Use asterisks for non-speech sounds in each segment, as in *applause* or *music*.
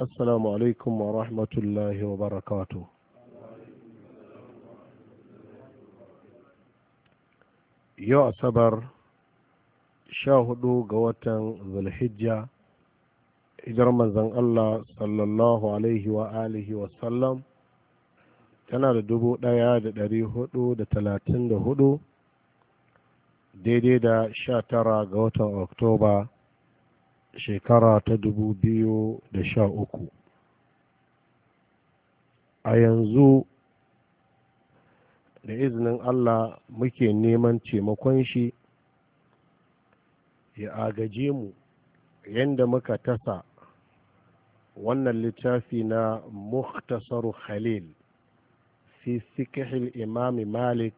السلام عليكم ورحمة yau وبركاته يا أصبر شاهدوا قوة ذو الحجة hijirar manzon Allah sallallahu alaihi wa alihi wa sallam tana da dubu ɗaya da ɗari hudu da talatin da hudu daidai da sha tara ga watan oktoba shekara ta dubu biyu da sha uku. a yanzu da izinin Allah muke neman taimakon shi ya agaje mu yadda muka tasa wannan littafi na muhtasaru khalil fi sikihil imami malik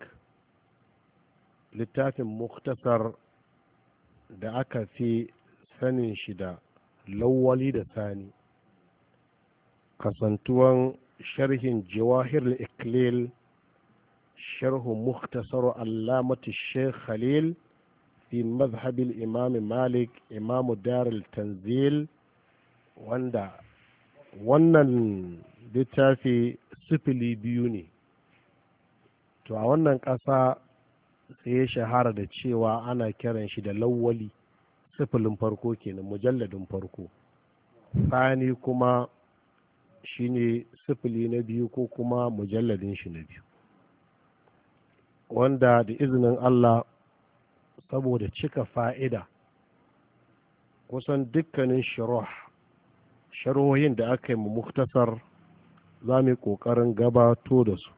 littafin muktasar da aka fi sanin shi da lawali da sani kasantuwan sharhin jawahir iklil sharhu muhtasar allamati sheikh khalil fi mazhabil imam malik imamu darul tanzil wanda wannan littafi sifili biyu ne to a wannan ƙasa sai ya shahara da cewa ana kiran shi da lawwali sifilin farko ke kenan mujalladin farko sani kuma shine sifili na biyu ko kuma mujalladin shi na biyu wanda da izinin Allah saboda cika fa'ida kusan dukkanin shiroh sharohin da aka yi mu muktasar za mu yi ƙoƙarin gabato da su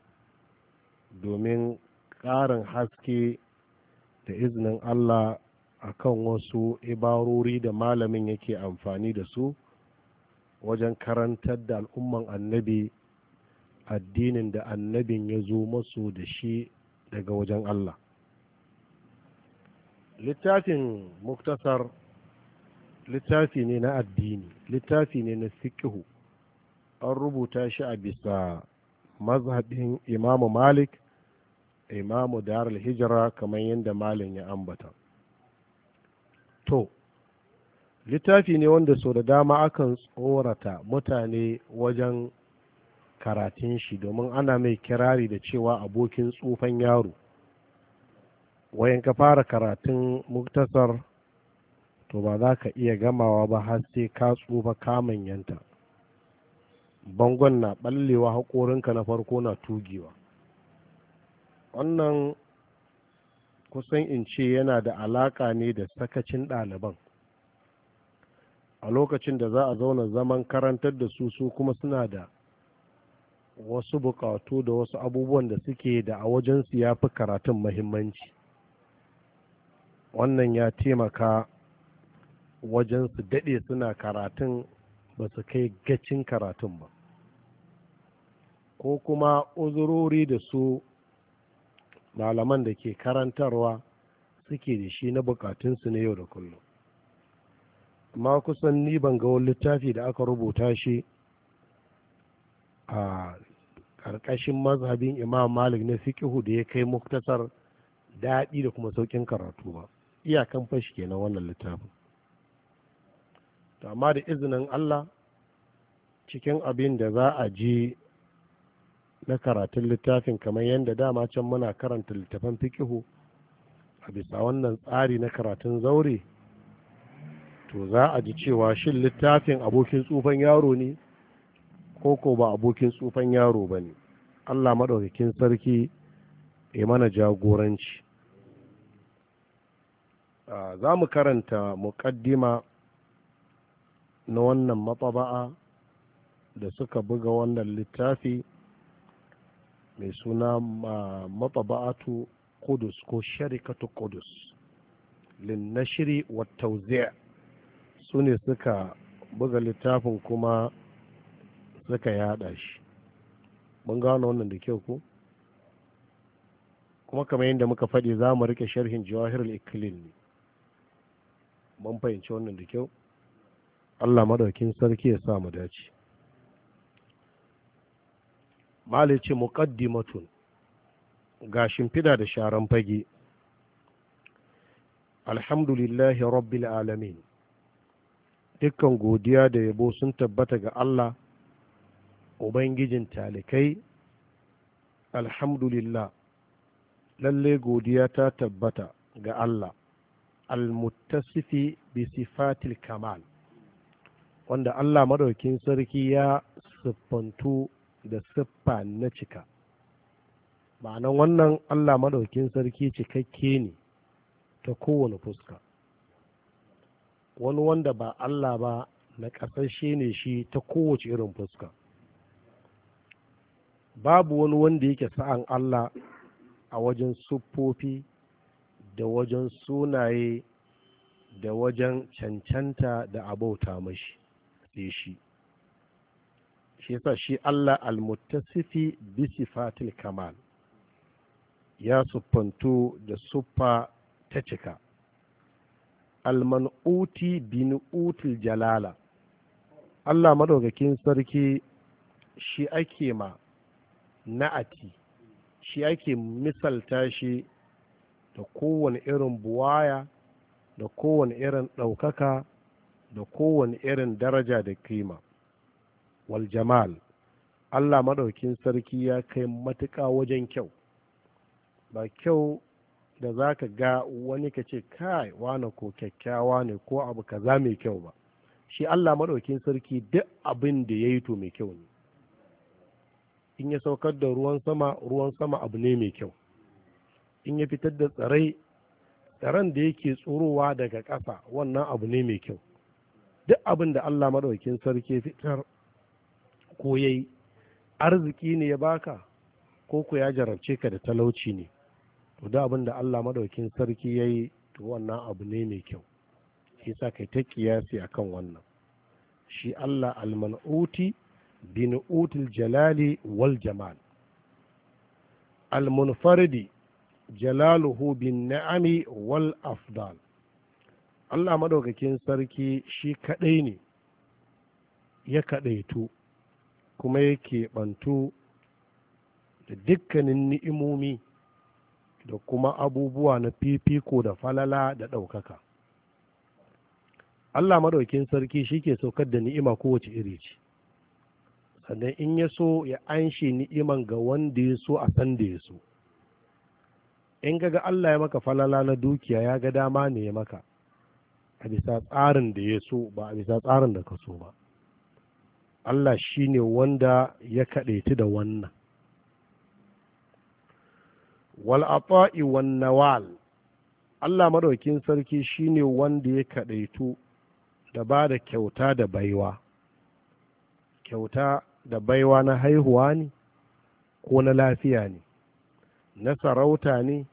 domin ƙarin haske da izinin Allah akan wasu ibarori da malamin yake amfani da su wajen karantar da al'umman annabi addinin da annabin ya zo masu da shi daga wajen Allah littafin muktasar littafi ne na addini littafi ne na sikihu an rubuta shi a bisa mazhabin imamu malik imamu darul hijira kamar yadda malin ya ambata to littafi ne wanda sau da dama akan tsorata mutane wajen karatun shi domin ana mai kirari da cewa abokin tsufan yaro wayan ka fara karatun muktasar to ba za ka iya gamawa ba har sai ka tsufa ka manyanta bangon na ɓallewa haƙorinka na farko na tugewa wannan kusan in ce yana da alaƙa ne da sakacin ɗaliban a lokacin da za a zauna zaman karantar da su su kuma suna da wasu buƙatu da wasu abubuwan da suke da a wajensu ya fi karatun mahimmanci wannan ya taimaka wajen su daɗe suna karatun ba su kai gacin karatun ba ko kuma uzurori da su malaman da ke karantarwa suke da shi na bukatunsu na yau da kullum amma kusan ni ban ga wani littafi da aka rubuta shi a ƙarƙashin mazhabin imam malik na fiƙihu da ya kai muktasar daɗi da kuma sauƙin karatu ba iyakan fashi ke na wannan littafin amma da izinin allah cikin abin da za a ji na karatun littafin kamar yadda dama can muna karanta littafan fikihu a bisa wannan tsari na karatun zaure to za a ji cewa shin littafin abokin tsufan yaro ne ko ko ba abokin tsufan yaro ba ne allah maɗaukakin sarki ya mana jagoranci za mu karanta muƙaddima na wannan matsaba'a da suka buga wannan littafi mai suna matsaba'atu kudus ko sharikatu kudus linnashiri wa tauzi'a su ne suka buga littafin kuma suka yada shi mun gano wannan da kyau ku. kuma kamar yadda muka faɗi za mu rike sharhin jawahirul ikilin ne mun fahimci wannan da kyau allah madaukin sarki ya sa mu dace malai ce muqaddimatun ga shimfida da sharan fage alhamdulillahi rabbil alamin dukkan godiya da yabo sun tabbata ga Allah ubangijin talikai alhamdulillah lalle godiya ta tabbata ga Allah almuttasifi bi sifatil kamal wanda Allah madaukin sarki ya siffantu da siffa na cika ma'anan wannan allah maɗaukin sarki cikakke ne ta kowane fuska wani wanda ba allah ba na ƙasashe ne shi ta kowace irin fuska babu wani wanda yake sa'an allah a wajen siffofi da wajen sunaye da wajen cancanta da abauta mashi sai shi shi yasa shi Allah al-muttasifi bi sifatil kamal ya suffantu da suffa ta cika almanuti nu'util jalala Allah madaukakin sarki shi ake ma na'ati shi ake misalta shi da kowane irin buwaya da kowane irin ɗaukaka da kowane irin daraja da kima wal jamal Allah maɗaukin sarki ya kai matuƙa wajen kyau ba kyau da za ka ga wani ka ce kai wane ko kyakkyawa ne ko abu kaza mai kyau ba shi Allah maɗaukin sarki duk abin da ya yi to mai kyau ne in ya saukar da ruwan sama ruwan sama abu ne mai kyau in ya fitar da tsarai tsaron da yake tsorowa daga ƙasa wannan abu ne mai kyau duk abin da Allah maɗaukin sarki fitar ko ya yi arziki ne ya baka ko ku ya jarabce ka da talauci ne to da abin da Allah madaukin sarki ya yi to wannan abu ne mai kyau shi sa kai ta kiyasi a kan wannan shi Allah almanuti binu'util jalali wal jamal al-munfaridi jalaluhu bin na'ami wal afdal Allah madaukakin sarki shi kadai ne ya kadaitu kuma yake bantu da dukkanin ni'imomi da kuma abubuwa na fifiko da falala da ɗaukaka Allah maɗaukin sarki shi ke saukar da ni'ima kowace iri ce sannan in ya so ya anshi ni'iman ga wanda ya so a sanda da ya so in ga Allah ya maka falala na dukiya ya ga dama ne ya maka a bisa tsarin da ya so ba a bisa tsarin da ka so ba Allah shi ne wanda ya kaɗaitu da wannan wal'ata'i wannawal Allah maɗaukin sarki shi ne wanda ya kaɗaitu da ba da kyauta da baiwa kyauta da baiwa na haihuwa ne ko na lafiya ne na sarauta ne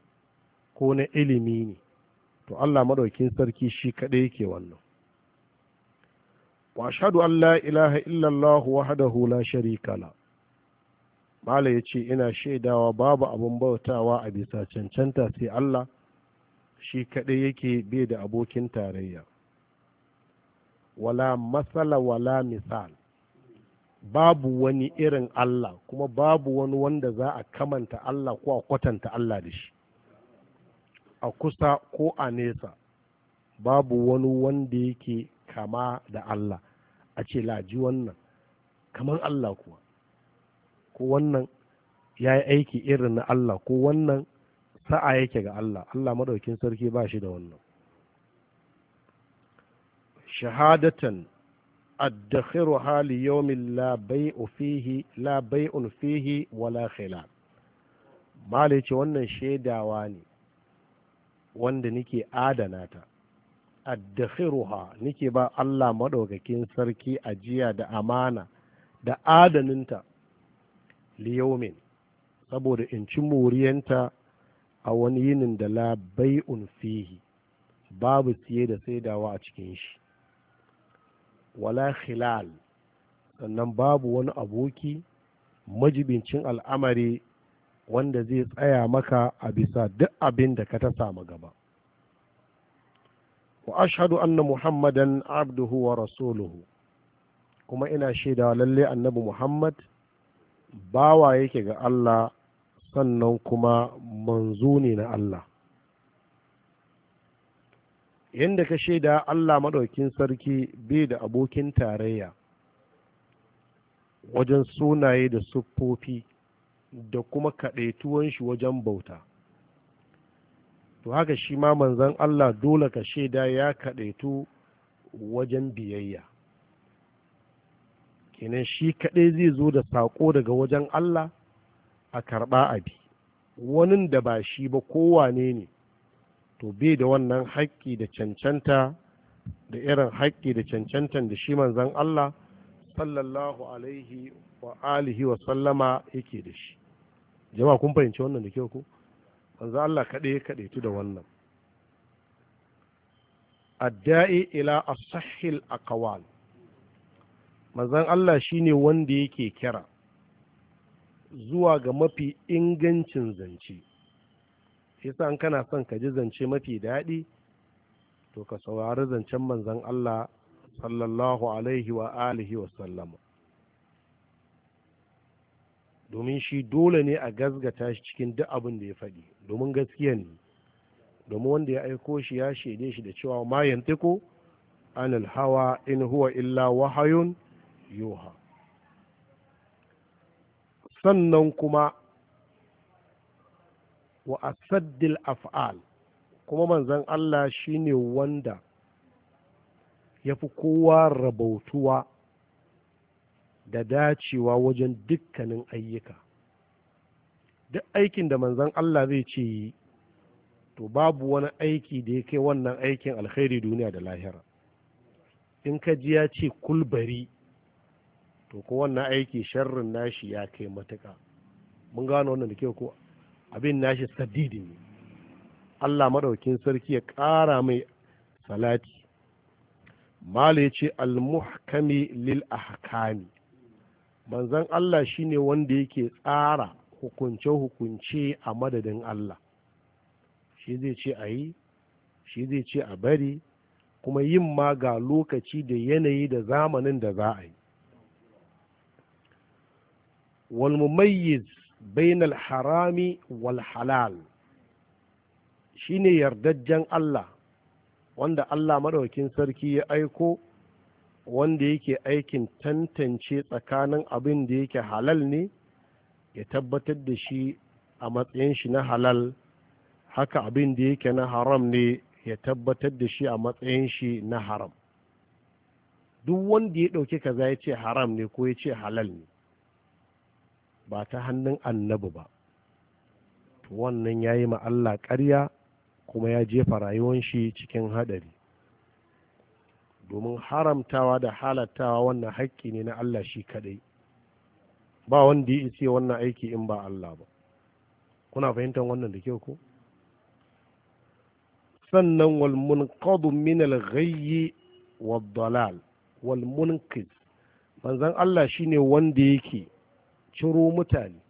ko na ilimi ne to Allah maɗaukin sarki shi kaɗai yake wannan واشهد Allah لا اله الا الله وحده لا شريك له mala ya ce ina shaidawa babu abin bautawa a bisa cancanta sai Allah shi kaɗai yake bai da abokin tarayya wala matsala wala misal babu wani irin Allah kuma babu wani wanda za a kamanta Allah ko a kwatanta Allah da shi a kusa ko a nesa babu wani wanda yake kama da Allah a ce laji wannan kamar Allah kuwa ko wannan ya yi aiki irin na Allah ko wannan sa'a yake ga Allah Allah madaukin sarki ba shi da wannan shahadatan addakhiru hali yawmin la bai'u fihi la bai'un fihi wala khilaf mala ce wannan shaidawa ne wanda nake adana ta addakhiruha nake ba Allah maɗaukakin sarki ajiya da amana da adaninta liyomin saboda in ci muriyanta a wani yinin da la bai'un fihi babu siye da saidawa a cikin shi wala khilal sannan babu wani aboki majibincin al'amari wanda zai tsaya maka a bisa duk abin da ka ta samu gaba وأشهد أن محمدا عبده ورسوله كما إنا شيدا للي النبي محمد باوا ga الله sannan kuma manzuni ne na Allah yadda ka shaida Allah maɗaukin sarki bai da abokin tarayya wajen sunaye da siffofi da kuma kaɗaituwan shi wajen bauta to haka shi ma manzan Allah dole ka shaida ya kaɗaitu wajen biyayya kenan shi kaɗai zai zo da saƙo daga wajen Allah a karɓa abi wanin da ba shi ba kowane ne to bai da wannan haƙƙi da cancanta da irin haƙƙi da cancantan da shi manzan Allah sallallahu alaihi wa alihi wa sallama yake da shi jama'a kun fahimci wannan da kyau ko Wanzu Allah kaɗai kaɗaitu da wannan adda'i ila a asahil kawal. manzan Allah shine wanda yake kira zuwa ga mafi ingancin zance yasa an kana son ka ji zance mafi daɗi to ka saurari zancen manzon Allah sallallahu alaihi wa alihi wa sallama domin shi dole ne a gazgata shi cikin duk abin da ya faɗi domin gaskiya ne domin wanda ya aiko shi ya shaide shi da cewa ma yantiko anil hawa in huwa illa wahayun yoha sannan kuma wa asaddil af'al kuma manzan Allah shine wanda ya fi kowa rabautuwa da dacewa wajen dukkanin ayyuka duk aikin da manzon Allah zai ce yi to babu wani aiki da ya kai wannan aikin alkhairi duniya da lahira in ka ji ya ce kulbari to ko wannan aiki sharrin nashi ya kai matuka mun gano wannan da ke ko abin nashi sadidi ne Allah madaukin sarki ya ƙara mai salati mala ya ce muhkami lil ahkami manzon Allah shine wanda yake tsara hukunce-hukunce a madadin Allah shi zai ce a yi shi zai ce a bari kuma yin ma ga lokaci da yanayi da zamanin da za a yi walmumayyiz bainal harami wal halal shine yardajjen Allah wanda Allah maɗaukin sarki ya aiko wanda yake aikin tantance tsakanin abin da yake halal ne ya tabbatar da shi a matsayin shi na halal haka abin da yake na haram ne ya tabbatar da shi a matsayin shi na haram duk wanda ya ɗauki kaza ya ce haram ne ko ya ce halal ne ba ta hannun annabi ba wannan ya yi ma Allah ƙarya kuma ya jefa rayuwan shi cikin haɗari domin haramtawa da halattawa wannan haƙƙi ne na Allah shi kaɗai ba wanda ya ce wannan aiki in ba Allah ba kuna fahimtar wannan da kyau ko sannan wal munqadu min ghayyi dalal wal munqid manzon Allah shine wanda yake ciro mutane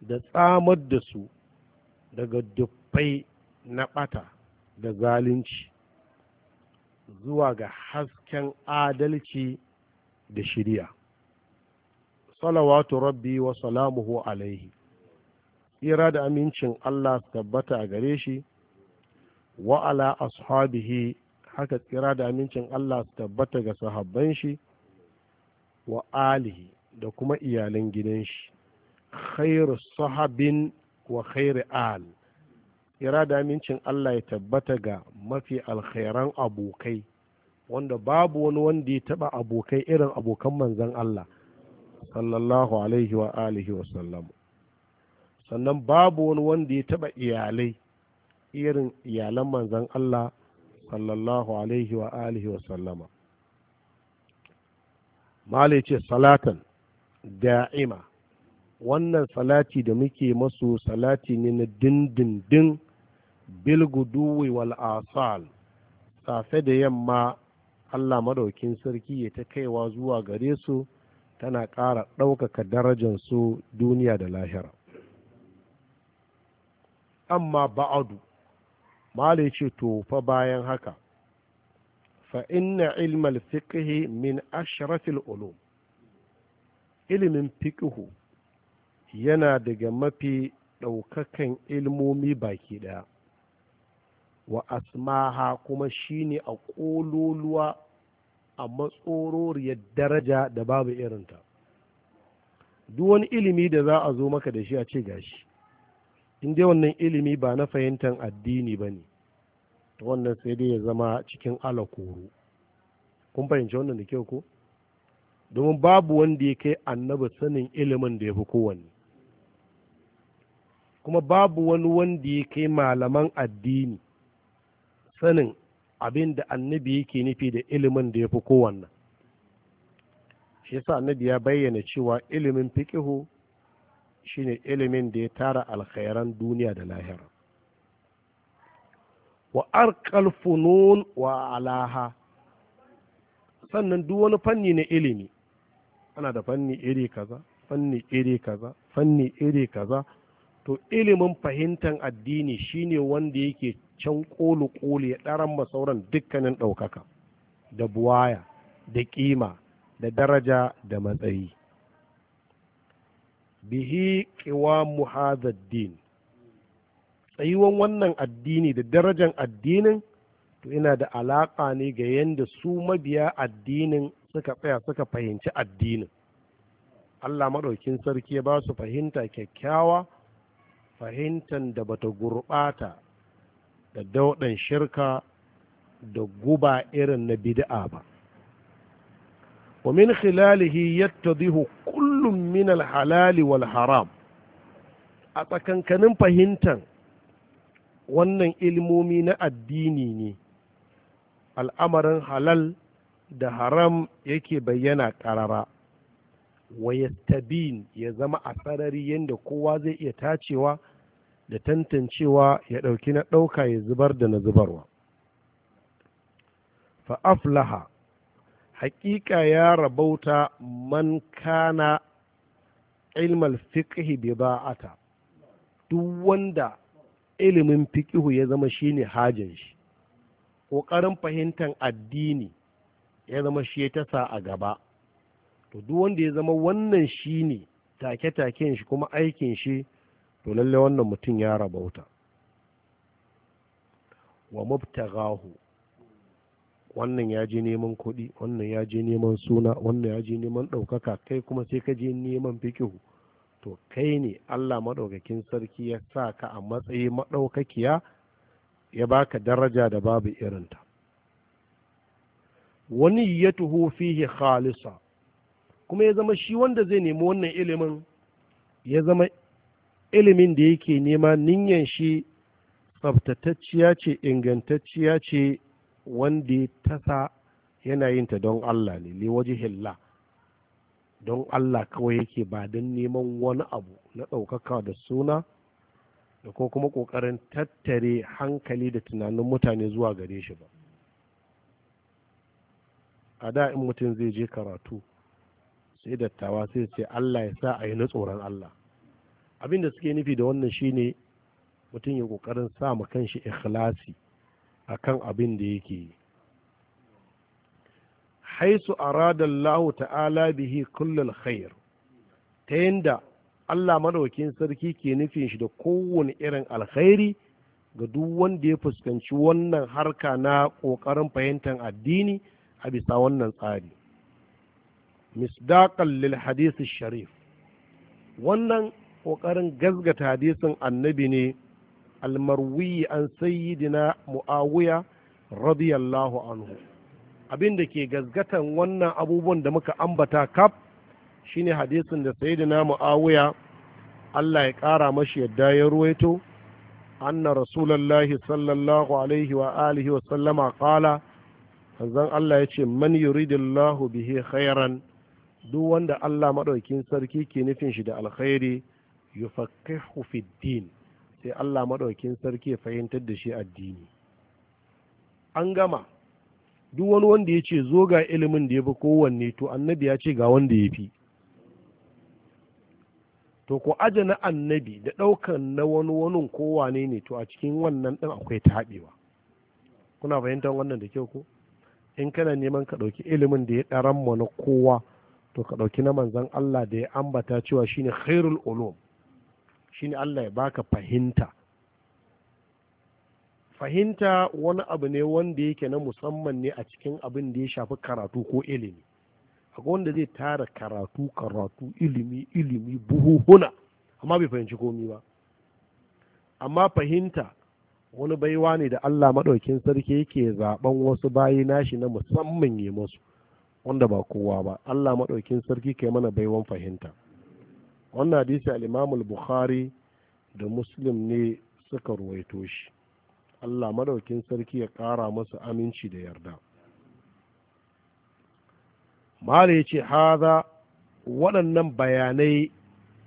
da tsamar da su daga dubbai na bata da zalunci zuwa ga hasken adalci da shiriya salawatu rabbi wa salamuhu alaihi tsira da amincin Allah su tabbata a gare shi wa ala ashabihi haka tsira da amincin Allah su tabbata ga sahabban shi wa alihi da kuma iyalan gidan shi khairu sahabin wa khairu al irada amincin Allah ya tabbata ga mafi alkhairan abokai wanda babu wani wanda ya taba abokai irin abokan manzan Allah sallallahu alaihi wa alihi wa sallam sannan babu wani wanda ya taba iyalai irin iyalan manzan Allah sallallahu alaihi wa alihi wa sallama mala ce salatan da'ima wannan salati da muke masu salati ne na dindindin bilguduwi wal'asal asal safe da yamma allah madaukin sarki ya ta kaiwa zuwa gare su tana ƙara ɗaukaka su duniya da lahira amma ba'adu male ce to fa bayan haka fa inna ilmal fiƙihi min ashrafil ulum ilimin fiƙihu yana daga mafi ɗaukakan ilmomi baki ɗaya wa asmaha kuma shine a ƙololuwa a matsororiyar daraja da babu irinta duk wani ilimi da za a zo maka da shi a ce gashi in dai wannan ilimi ba na fahimtar addini ba ne wannan sai dai ya zama cikin alakoro kun fahimci wannan da kyau ko domin babu wanda ya kai annaba sanin ilimin da ya fi kowanne kuma babu wani wanda ya kai malaman addini sanin abin da annabi yake nufi da ilimin da ya fi kowanne shi yasa annabi ya bayyana cewa ilimin shi shine ilimin da ya tara alkhairan duniya da lahira wa arqal funun wa alaha sannan duk wani fanni na ilimi ana da fanni iri kaza fanni iri kaza fanni iri kaza to ilimin fahimtar addini shine wanda yake can ƙoli-ƙoli ya ɗaran masauran dukkanin ɗaukaka da buwaya da ƙima da daraja da matsayi bihi ƙiwa hadha din tsayuwan wannan addini da darajan addinin to yana da alaƙa ne ga yadda su mabiya addinin suka tsaya suka fahimci addinin Allah maɗaukin sarki ya ba su fahimta kyakkyawa fahimtar da bata gurɓata da dauɗan shirka da guba irin na bid'a ba wa min khilalihi yattadihu kullum min alhalali wal haram a tsakankanin fahimtar wannan ilmomi na addini ne al'amarin halal da haram yake bayyana ƙarara wa ya zama a sarari yadda kowa zai iya tacewa da tantancewa ya ɗauki na ɗauka ya zubar da na zubarwa fa'aflaha haƙiƙa ya rabauta man kana ilmal fiƙihi bi ba'ata duk wanda ilimin fiƙihu ya zama shine hajin shi ƙoƙarin fahimtar addini ya zama shi ya tasa a gaba to duk wanda ya zama wannan shine take-taken shi kuma aikin shi to lalle wannan mutum ya raba wuta wa mubtaghahu wannan ya je neman kuɗi wannan ya je neman suna wannan ya je neman ɗaukaka kai kuma sai ka je neman fikihu to kai ne allah maɗaukakin sarki ya sa ka a matsayi maɗaukakiya ya baka daraja da babu irinta wani ya tuho fihi khalisa kuma ya zama shi wanda zai nemi wannan ilimin ya zama ilimin da yake nema niyan shi tsabtatacciya ce ingantacciya ce wanda ya tasa yana ta don Allah ne waje hilla don Allah kawai yake ba don neman wani abu na ɗaukaka da suna da ko kuma ƙoƙarin tattare hankali da tunanin mutane zuwa gare shi ba a da in mutum zai je karatu sai dattawa sai sai Allah ya sa a yi na tsoron Allah Abin da suke nufi da wannan shine mutum ya kokarin sa ma kanshi ikhlasi akan abin da yake yi haisu arada Allah ta'ala bihi kullum khair ta yanda Allah madaukin sarki ke nufin shi da kowane irin alkhairi ga duk wanda ya fuskanci wannan harka na ƙoƙarin fahimtar addini a bisa wannan tsari misdaqan lil hadisi sharif wannan ƙoƙarin gazgata hadisin annabi ne almarwi an sayyidina mu'awiya radiyallahu anhu abin da ke gazgatan wannan abubuwan da muka ambata kaf shine hadisin da sayyidina mu'awiya Allah ya ƙara mashi yadda ya ruwaito anna rasulallahi sallallahu alaihi wa alihi wa sallama qala manzon Allah ya ce man yuridillahu bihi khairan duk wanda Allah maɗaukin sarki ke nufin shi da alkhairi yufaqihu fid din sai Allah madaukin sarki ya fahimtar da shi addini an gama duk wani wanda yace ce zo ga ilimin da yafi fi kowanne to annabi ya ce ga wanda ya to ko aje na annabi da ɗaukan na wani wani kowane ne to a cikin wannan ɗin akwai taɓewa kuna fahimtar wannan da kyau ko in kana neman ka ɗauki ilimin da ya daran mu na kowa to ka ɗauki na manzon Allah da ya ambata cewa shine khairul ulum Shin Allah ya baka fahimta fahimta wani abu ne wanda yake na musamman ne a cikin abin da ya shafi karatu ko ilimi akwai wanda zai tara karatu karatu ilimi ilimi buhuhuna amma bai fahimci komi ba amma fahimta wani baiwa ne da Allah maɗaukin sarki yake zaɓen wasu bayi nashi na musamman yi musu wanda ba kowa ba Allah maɗaukin sarki kai mana baiwan fahimta wannan hadisi al bukhari da muslim ne suka ruwaito shi allah madaukin sarki ya ƙara masa aminci da yarda mala yace ce haza waɗannan bayanai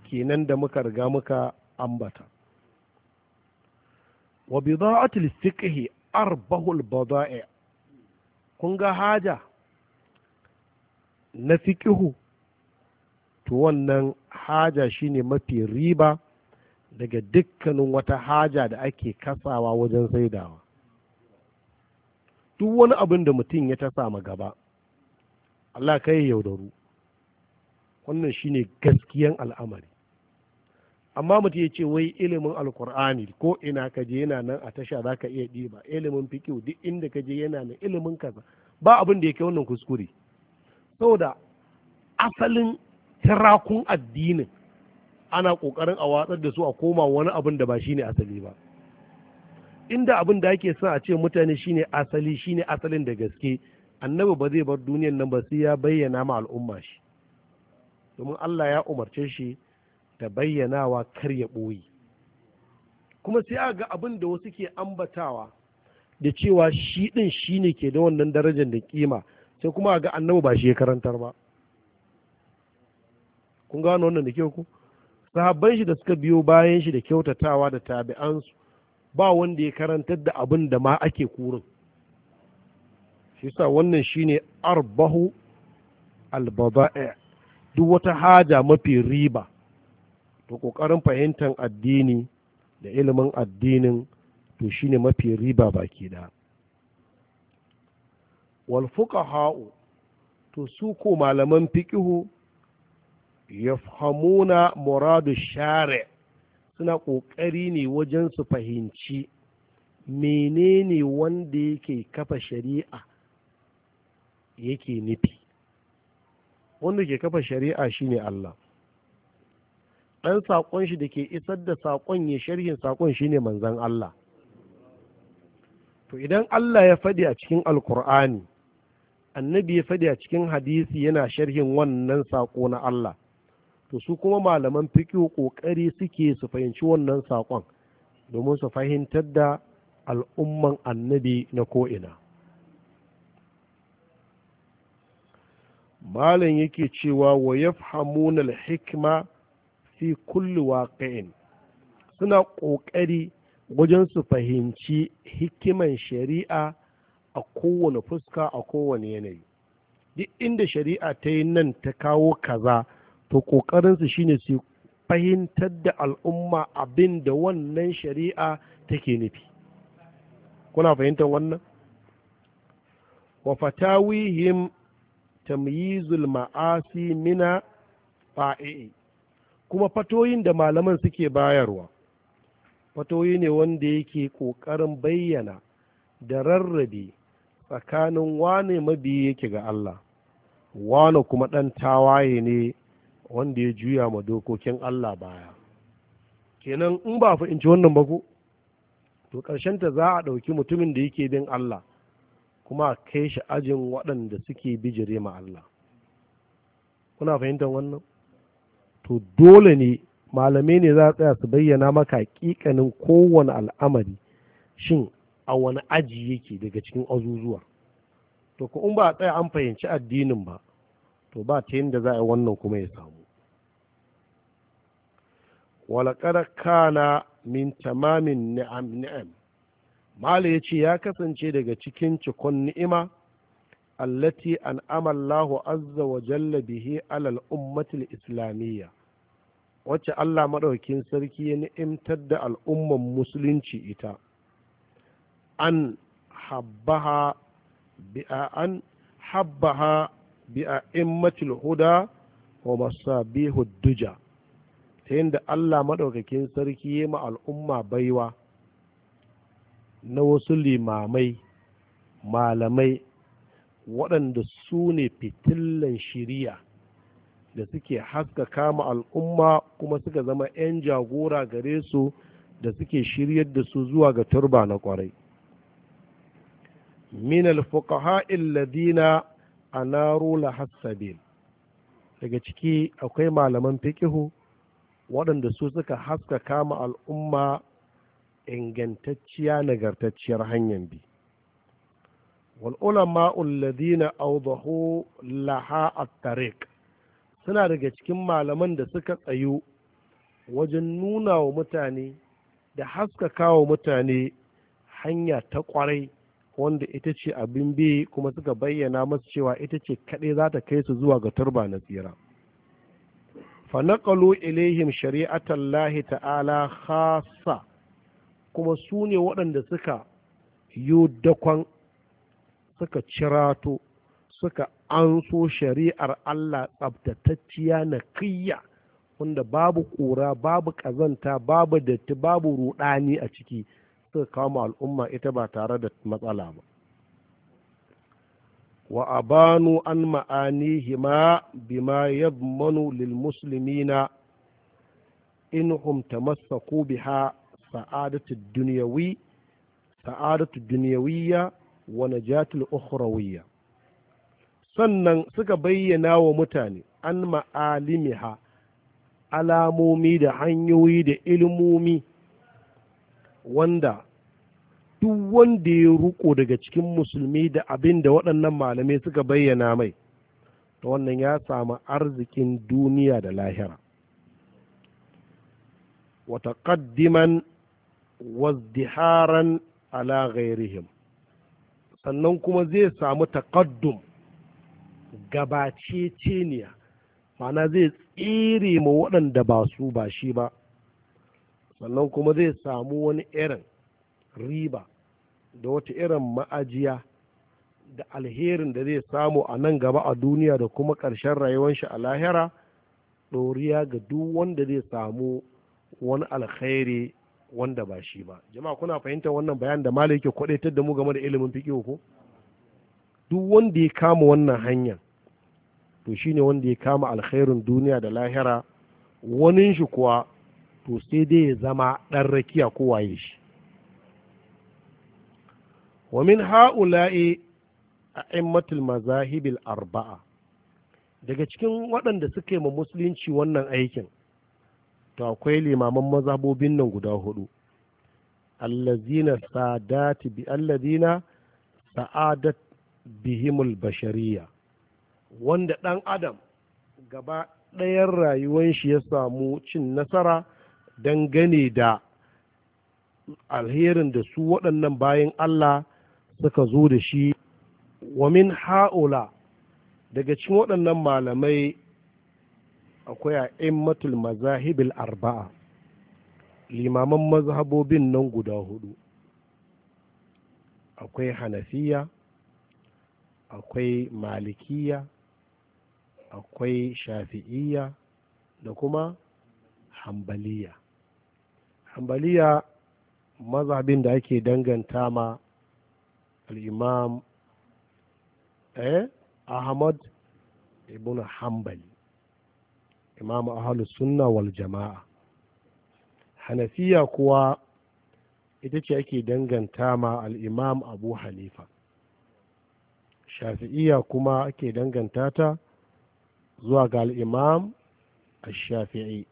kenan da muka riga muka ambata wa bida'atul fiqhi arbahul bada'i kun ga haja na fiqihu to wannan haja shine mafi riba daga dukkanin wata haja da ake kasawa wajen saidawa duk wani abin da mutum ya ta sama gaba Allah kai yaudaru wannan shine gaskiyan al'amari amma mutum ya ce wai ilimin alkur'ani ko ina ka je yana nan a tasha za ka iya ɗiba ilimin fikiu duk inda ka je yana nan ilimin kaza ba abin da yake wannan kuskure saboda asalin Tarakun addinin ana ƙoƙarin a watsar da su a koma wani abin da ba shine asali ba inda abin da ake son a ce mutane shine asali shine asalin da gaske annabi ba zai bar duniyan nan ba sai ya bayyana ma al'umma shi domin Allah ya umarce shi da bayyanawa kar ya ɓoye kuma sai a ga abin da wasu ke ambatawa da cewa shi ɗin shine ke da wannan darajar da kima sai kuma a ga annabi ba shi ya karantar ba kun gano wannan da kyau ku sahabban shi da suka biyo bayan shi da kyautatawa da tabi'ansu ba wanda ya karantar da abin da ma ake kurin shi sa wannan shine arbahu albada'i duk wata haja mafi riba to kokarin fahimtar addini da ilimin addinin to shine mafi riba baki da wal fuqaha to su ko malaman fiqihu yafhamuna muradu share suna ƙoƙari ne wajen su fahimci menene wanda yake kafa shari'a yake nufi wanda ke kafa shari'a shine Allah ɗan saƙon shi da ke isar da saƙon ya sharhin saƙon shine manzan Allah to idan Allah ya faɗi a cikin alkur'ani annabi ya faɗi a cikin hadisi yana sharhin wannan saƙo na Allah to su kuma malaman fiƙi ƙoƙari suke su fahimci wannan saƙon domin su fahimtar da al'umman annabi na ko'ina malam yake cewa wa yafhamuna al-hikma fi kulli waƙa'in suna ƙoƙari wajen su fahimci hikiman shari'a a kowane fuska a kowane yanayi duk inda shari'a ta yi nan ta kawo kaza to ƙoƙarinsu shine su fahimtar da al'umma abin da wannan shari'a take nufi kuna fahimtar wannan wa fatawihim tamyizul ma'asi mina fa'i kuma fatoyin da malaman suke bayarwa fatoyi ne wanda yake ƙoƙarin bayyana da rarrabe tsakanin wane mabi yake ga Allah wane kuma ɗan tawaye ne wanda ya juya ma dokokin Allah baya kenan in ba fahimci wannan ba ko to ta za a ɗauki mutumin da yake bin Allah kuma a kai shi ajin waɗanda suke bijire ma Allah kuna fahimtar wannan to dole ne malamai ne za tsaya su bayyana maka hakikanin kowane al'amari shin a wani aji yake daga cikin azuzuwa to ko in ba tsaya an fahimci addinin ba to ba ta yin da za a yi wannan kuma ya samu walakar kana min tamamin ni'am mala ya ce ya kasance daga cikin cikon ni'ima allati an amallahu azza wa jalla bihi alal ummatil islamiyya wacce allah maɗaukin sarki ya ni'imtar da al'umman musulunci ita an habbaha ha. bi a immatul huda wa masabihu duja ta yadda Allah maɗaukakin sarki ya ma al'umma baiwa na wasu limamai malamai waɗanda su ne fitillan shiriya da suke haskaka ma al'umma kuma suka zama 'yan jagora gare su da suke shiryar da su zuwa ga turba na ƙwarai min al-fuqaha alladhina a narula hassabil daga ciki akwai malaman fikihu waɗanda su suka haska kama al'umma ingantacciya nagartacciyar hanyar bi wal'ulama ulladina auzahu laha at-tariq suna daga cikin malaman da suka tsayu wajen nuna wa mutane da haskaka wa mutane hanya ta ƙwarai wanda ita ce abin bi kuma suka bayyana masu cewa ita ce kaɗai za ta kai su zuwa ga turba na tsira fa naqalu ilaihim shari'atan lahi ta'ala hasa kuma su ne waɗanda suka yi dakon suka cirato suka anso shari'ar Allah tsabtatacciya na kiyya wanda babu ƙura babu ƙazanta babu datti babu ruɗani a ciki suka kama al'umma ita ba tare da matsala ba wa abanu an ma'anihima bima yadmanu lil muslimina inhum tamassaku biha sa'adatu dunyawi sa'adatu dunyawiyya wa najatul ukhrawiyya sannan suka bayyana wa mutane an ma'alimiha alamomi da hanyoyi da ilmomi wanda duk wanda ya ruko daga cikin musulmi da abin da waɗannan malamai suka bayyana mai ta wannan ya samu arzikin duniya da lahira wata ƙaddiman wazdiharan ala ghairihim sannan kuma zai samu taƙaddum gabaceceniya ma'ana zai tsere ma waɗanda ba su ba shi ba sannan kuma zai samu wani irin riba da wata irin ma'ajiya da alherin da zai samu a nan gaba a duniya da kuma ƙarshen rayuwarshi a lahira ɗoriya ga duk wanda zai samu wani alkhairi wanda ba shi ba jama'a kuna fahimtar wannan bayan da malai yake kwadaitar da mu game da ilimin fiƙi ko duk wanda ya kama wannan hanyar to shine wanda ya kama alkhairin duniya da lahira wanin shi kuwa to sai dai ya zama ɗan rakiya ko waye shi wa min ha'ula'i immatul mazahibil arba'a daga cikin waɗanda suka yi ma musulunci wannan aikin to akwai limaman mazhabobin nan guda hudu allazina sadati bi allazina sa'adat bihimul bashariya wanda ɗan adam gaba ɗayan rayuwan shi ya samu cin nasara dangane da alherin da su waɗannan bayan Allah suka zo da shi wa min ha'ula daga cikin waɗannan malamai akwai a matul mazahibil arba'a limaman mazhabobin nan guda hudu akwai hanafiya akwai malikiya akwai shafi'iyya, da kuma hambaliya hambaliya mazhabin da ake danganta ma al'imam eh ahmad ibn hambali imam ahalus sunna wal jama'a hanafiya kuwa ita ce ake danganta ma al'imam abu halifa shafi'iya kuma ake danganta ta zuwa ga al'imam ash-shafi'i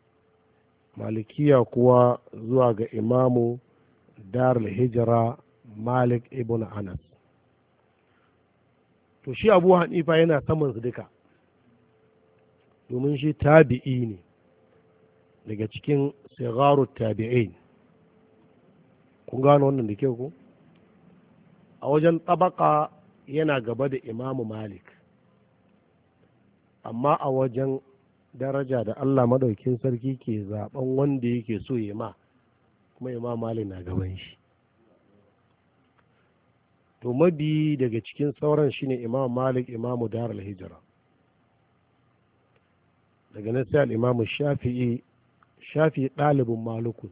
malikiya kuwa zuwa ga imamu darul hijira malik ibn anas to shi abu hanifa yana saman su duka domin shi tabi'i ne daga cikin sigaru tabi'in kun gano wannan da kyau ko a wajen tabaka yana gaba da imamu malik amma a wajen daraja da Allah Maɗaukin sarki ke zaben wanda yake so ya ma kuma ya ma mali na gaban shi to mabi daga cikin sauran shine imam malik imamu al-hijra daga nan al imam shafi'i shafi'i ɗalibin maluku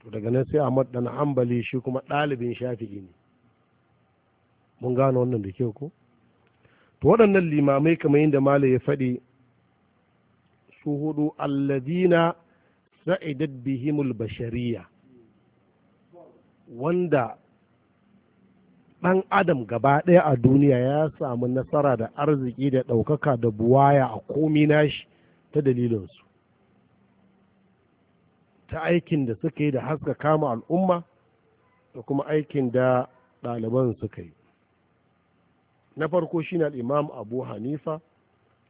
to daga nan sai ahmad dan ambali shi kuma ɗalibin shafi'i ne mun gano wannan da kyau ko to waɗannan limamai kamar yadda Malam ya faɗi su hudu alladina sa'idat bihimul bashariya wanda ɗan adam gaba ɗaya a duniya ya samu nasara da arziki da ɗaukaka da buwaya a komi nashi ta dalilinsu ta aikin da suka yi da haska kama al'umma da kuma aikin da ɗaliban suka yi na farko shine al-imam abu hanifa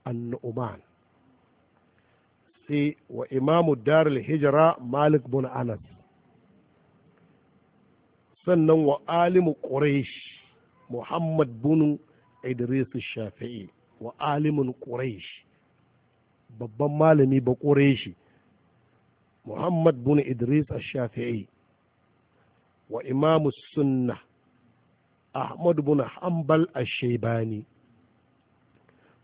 an-nu'man sai wa imamu darul hijira malik bin anas sannan wa alimu quraish muhammad bin idris shafi'i wa alimun babban malami ba quraishi muhammad bin idris shafi'i wa imamu sunna ahmad bin hanbal ash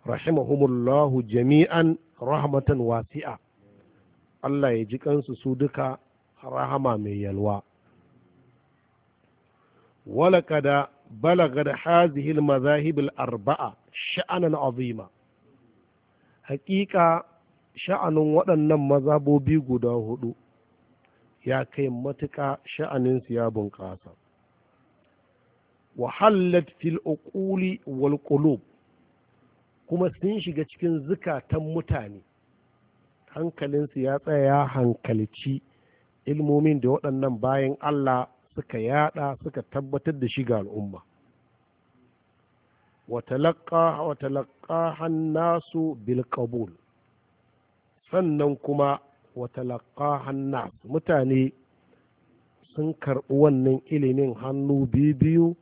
rahimahumullahu jami'an rahmatan wasi'a Allah ya ji kansu su duka rahama mai yalwa walakada balaga da al-mazahib al-arba'a sha'anan azima haƙiƙa sha'anin waɗannan mazabobi guda hudu ya kai matuƙa sha'aninsu ya bunƙasa wahallat fil uquli wal kuma sun shiga cikin zukatan mutane hankalinsu ya tsaya ya hankalci ilmomin da waɗannan bayan Allah suka yada suka tabbatar da shiga al'umma watalaqaha nasu bil qabul sannan kuma watalaqaha nasu mutane sun karɓi wannan ilimin hannu biyu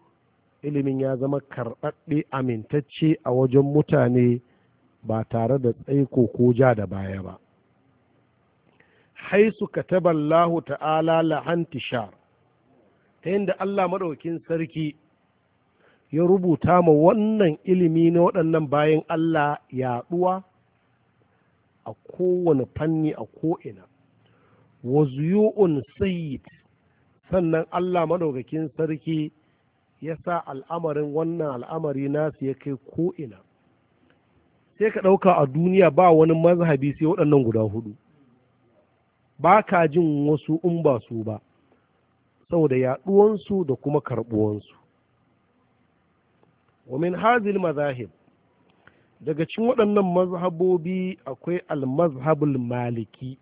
ilimin ya zama karɓaɓɓe amintacce a wajen mutane ba tare da tsaiko ko ja da baya ba haisu taballahu ta'ala la'antishar ta yadda allah maɗaukin sarki ya rubuta ma wannan ilimi na waɗannan bayan allah yaɗuwa a kowane fanni a ko'ina wazuyo'un sayyid sannan allah maɗaukakin sarki ya sa al'amarin wannan al'amari nasu ya kai ko'ina sai ka ɗauka a duniya ba wani mazhabi sai waɗannan guda hudu ba ka jin wasu in ba su ba saboda yaɗuwansu da kuma karɓuwansu ومن هذه mazahib daga cikin waɗannan mazhabobi akwai al maliki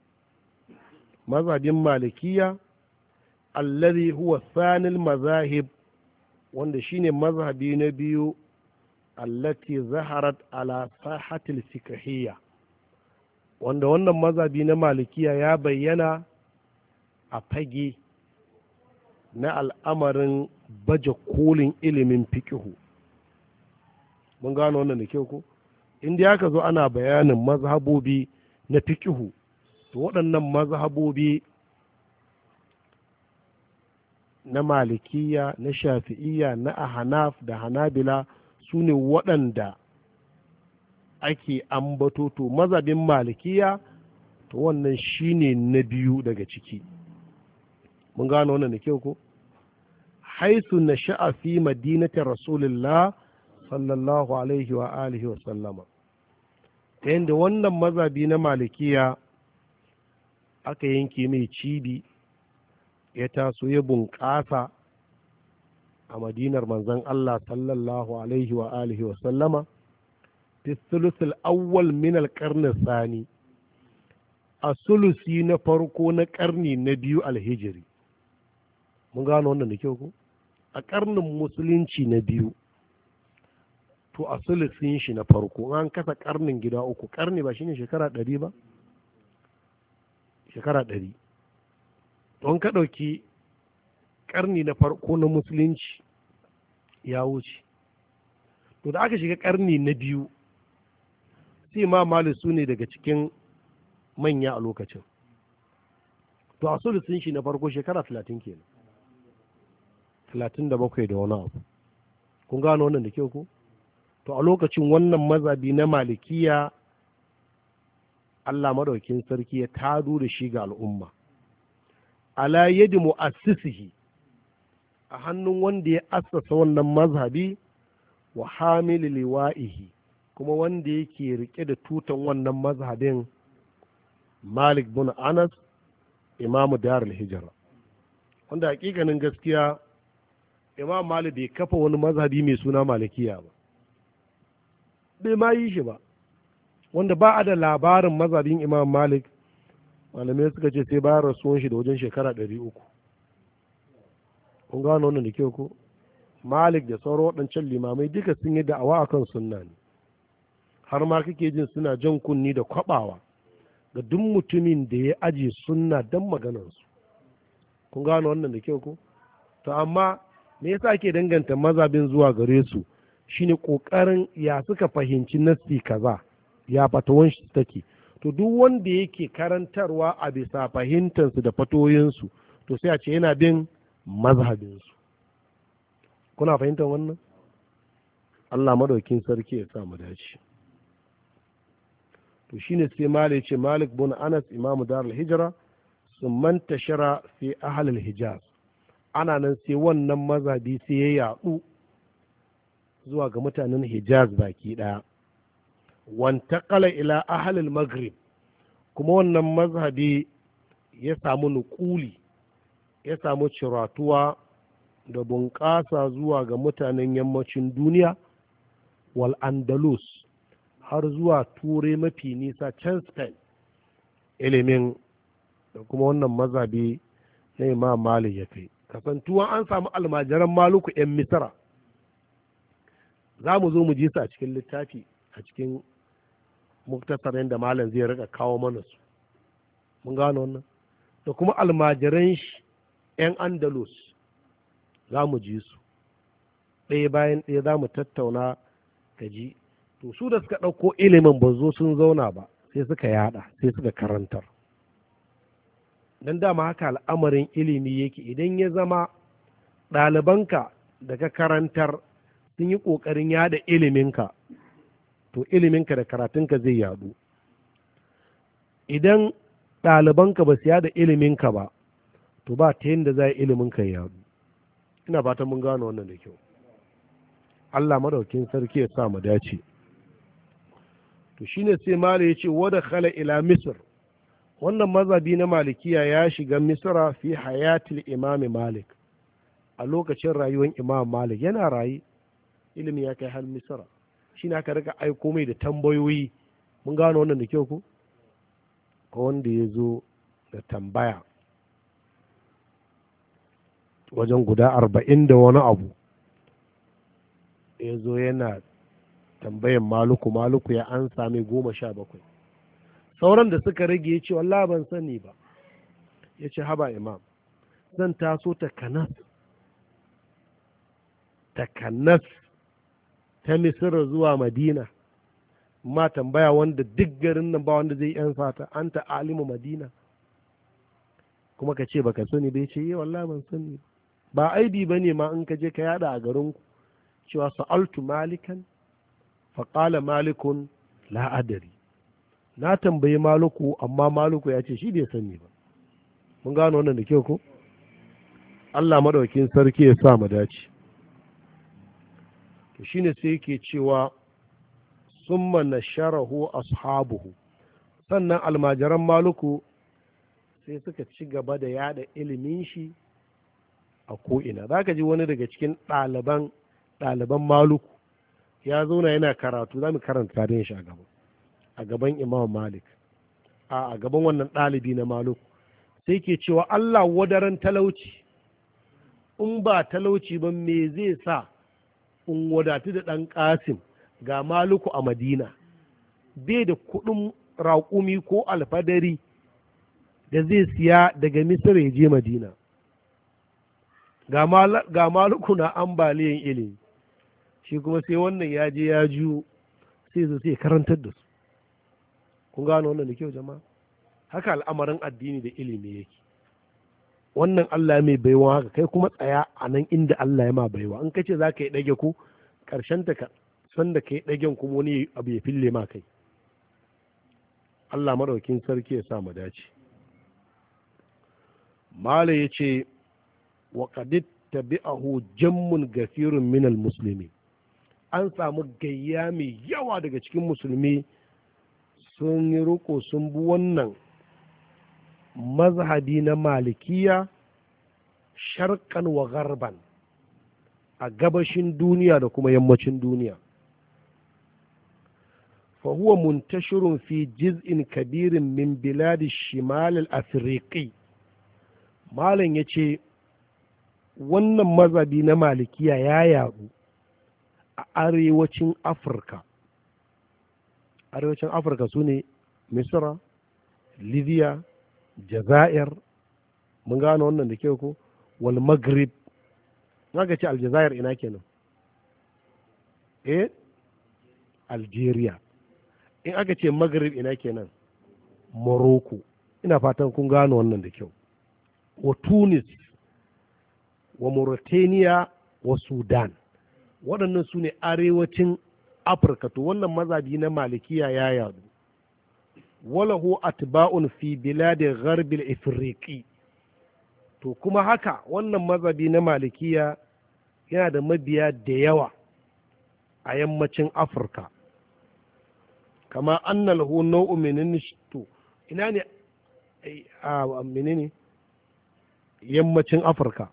mazhabin malikiya alladhi huwa al mazahib wanda shine mazhabi na biyu allati zaharat ala sahatil wanda wannan mazhabi na malikiya ya bayyana a fage na al'amarin baje kolin ilimin fikihu mun gano wannan da kyau ko inda aka zo ana bayanin mazhabobi na fikihu to waɗannan mazhabobi na malikiya na shafi'iya na ahanaf da hanabila su ne waɗanda ake ambato to mazabin malikiya to wannan shi ne na biyu daga ciki mun gano wannan da kyau ko haisu na sha'afi madinatar rasulullah sallallahu alaihi wa alihi wa sallama ta yadda wannan mazabi na malikiya aka yanke mai cibi ya taso ya bunƙasa a madinar manzon Allah sallallahu alaihi wa alihi wa sallama fi sulusul awwal min alƙarnin sani a sulusi na farko na ƙarni na biyu alhijiri mun gano wannan da kyau ko a ƙarnin musulunci na biyu to a sulusin shi na farko an kasa ƙarnin gida uku ƙarni ba shine shekara ɗari ba shekara ɗari don ka ɗauki ƙarni na farko na musulunci ya wuce to da aka shiga ƙarni na biyu sai ma malik su ne daga cikin manya a lokacin to a sun shi na farko shekara talatin kenan talatin da bakwai da wani abu kun gano wannan da kyau ko to a lokacin wannan mazabi na malikiya allah maɗaukin sarki ya tado da shi ga al'umma ala yadi mu'assisihi a hannun wanda ya assasa wannan mazhabi wa hamil liwa'ihi kuma wanda yake rike da tutan wannan mazhabin malik bin anas imamu darul hijra wanda hakikanin gaskiya imam malik bai kafa wani mazhabi mai suna malikiya ba bai ma yi shi ba wanda ba a da labarin mazhabin imam malik malamai suka ce sai bayan rasuwan shi da wajen shekara ɗari uku kun gano wannan da kyau ko malik da sauran waɗancan limamai duka sun yi da'awa a kan sunna ne har ma kake jin suna jan kunni da kwaɓawa ga duk mutumin da ya aji sunna don maganarsu kun gano wannan da kyau ko to amma me yasa ake danganta mazabin zuwa gare su shine ƙoƙarin ya suka fahimci nassi kaza ya fatawan shi take to duk wanda yake karantarwa a bisa fahimtansu da fatoyinsu to sai a ce yana bin mazhabinsu kuna fahimtar wannan Allah madaukin sarki ya sa mu dace to shine sai Malik ce Malik bin Anas imamu Darul Hijra sun manta shara fi ahlul Hijaz ana nan sai wannan mazhabi sai ya yaɗu zuwa ga mutanen Hijaz baki ɗaya wantakala ila ahalil maghrib kuma wannan mazhabi ya samu nukuli ya samu ciratuwa da bunƙasa zuwa ga mutanen yammacin duniya wal andalus har zuwa turai mafi nisa can spain ilimin da kuma wannan mazhabi na imam malik ya kai kasantuwa an samu almajiran maluku 'yan misra za mu zo mu ji su a cikin littafi a cikin muktasarin da malam zai rika kawo mana su mun gano wannan da kuma almajiran shi 'yan andalus za mu ji su ɗaya bayan ɗaya za mu tattauna ka ji to su da suka ɗauko ilimin ba zo sun zauna ba sai suka yada sai suka karantar don dama haka al'amarin ilimi yake idan ya zama ɗalibanka daga karantar sun yi ƙoƙarin yada iliminka to iliminka da karatun ka zai yadu idan ɗalibanka ba su yada iliminka ba to ba ta da za a ka ya yadu ina fatan mun gano wannan da kyau Allah madaukin sarki ya sa mu dace to shine sai mala ya ce wada khala ila Misir, wannan mazabi na malikiya ya shiga misra fi hayatil imami malik a lokacin rayuwar imam malik yana rayu, ilimi ya kai har misra shine aka rika aiko mai da tambayoyi mun gano wannan da kyau ku ko wanda ya zo da tambaya wajen guda arba'in da wani abu ya zo yana tambayan maluku maluku ya an sami goma sha bakwai sauran da suka rage ya ce wallah ban sani ba ya ce haba imam zan taso takanas takanas ta misira zuwa madina ma tambaya wanda duk garin nan ba wanda zai yan ta, an ta alimu madina kuma ka ce baka sani bai ce yi eh, wallahi ban sani ba aibi ba ne ma in ka je ka yada a garin ku cewa sa'altu malikan faƙala malikun la'adari na tambayi maluku amma maluku ya ce shi bai sani ba mun gano wannan da kyau ko Allah madaukin sarki ya sa mu dace to shine sai yake cewa summa nasharahu ashabuhu sannan almajiran maluku sai suka ci gaba da yada ilimin shi a ko'ina za ka ji wani daga cikin ɗaliban ɗaliban maluku ya zauna yana karatu za mu karanta da shi a gaba a gaban imam malik a gaban wannan ɗalibi na maluku sai ke cewa allah wadaran talauci in ba talauci ba me zai sa in wadatu da ɗan ƙasim ga maluku a madina bai da kuɗin raƙumi ko alfadari da zai siya daga misir ya je madina ga maluku na ambaliyan ilimi shi kuma sai wannan ya je ya ju sai zai sai karantar da su kun gano wannan da kyau jama'a haka al'amarin addini da ilimi yake wannan Allah mai baiwa haka kai kuma tsaya a nan inda Allah ya ma baiwa in kace za ka yi ɗage ku ƙarshen ta san da ka yi ɗagen kuma wani abu ya fille ma kai Allah maɗaukin sarki ya sa mu dace mala ya ce wa qadit tabi'ahu jammun gafirun minal musulmi an samu gayya mai yawa daga cikin musulmi sun yi roƙo sun bi wannan mazhabi na malikiya sharkan wa garban a gabashin duniya da kuma yammacin duniya fahuwa muntashirun fi jiz'in kabirin min biladi afiriki malam ya ce wannan mazhabi na malikiya ya yaru a arewacin afirka arewacin afirka su ne misra libya jazair mun gano wannan da kyau ko wal maghrib ga ce aljazair ina kenan eh algeria in aka ce maghrib ina kenan morocco ina fatan kun gano wannan da kyau wa tunis wa mauritania wa sudan waɗannan su ne arewacin afirka to wannan mazabi na malikiya ya yadu walahu atba'un fi biladin gharbil ifriqi to kuma haka wannan mazhabi na malikiya yana da mabiya da yawa a yammacin afirka kama anna lahu nau'u minin to ina ne a menene yammacin afirka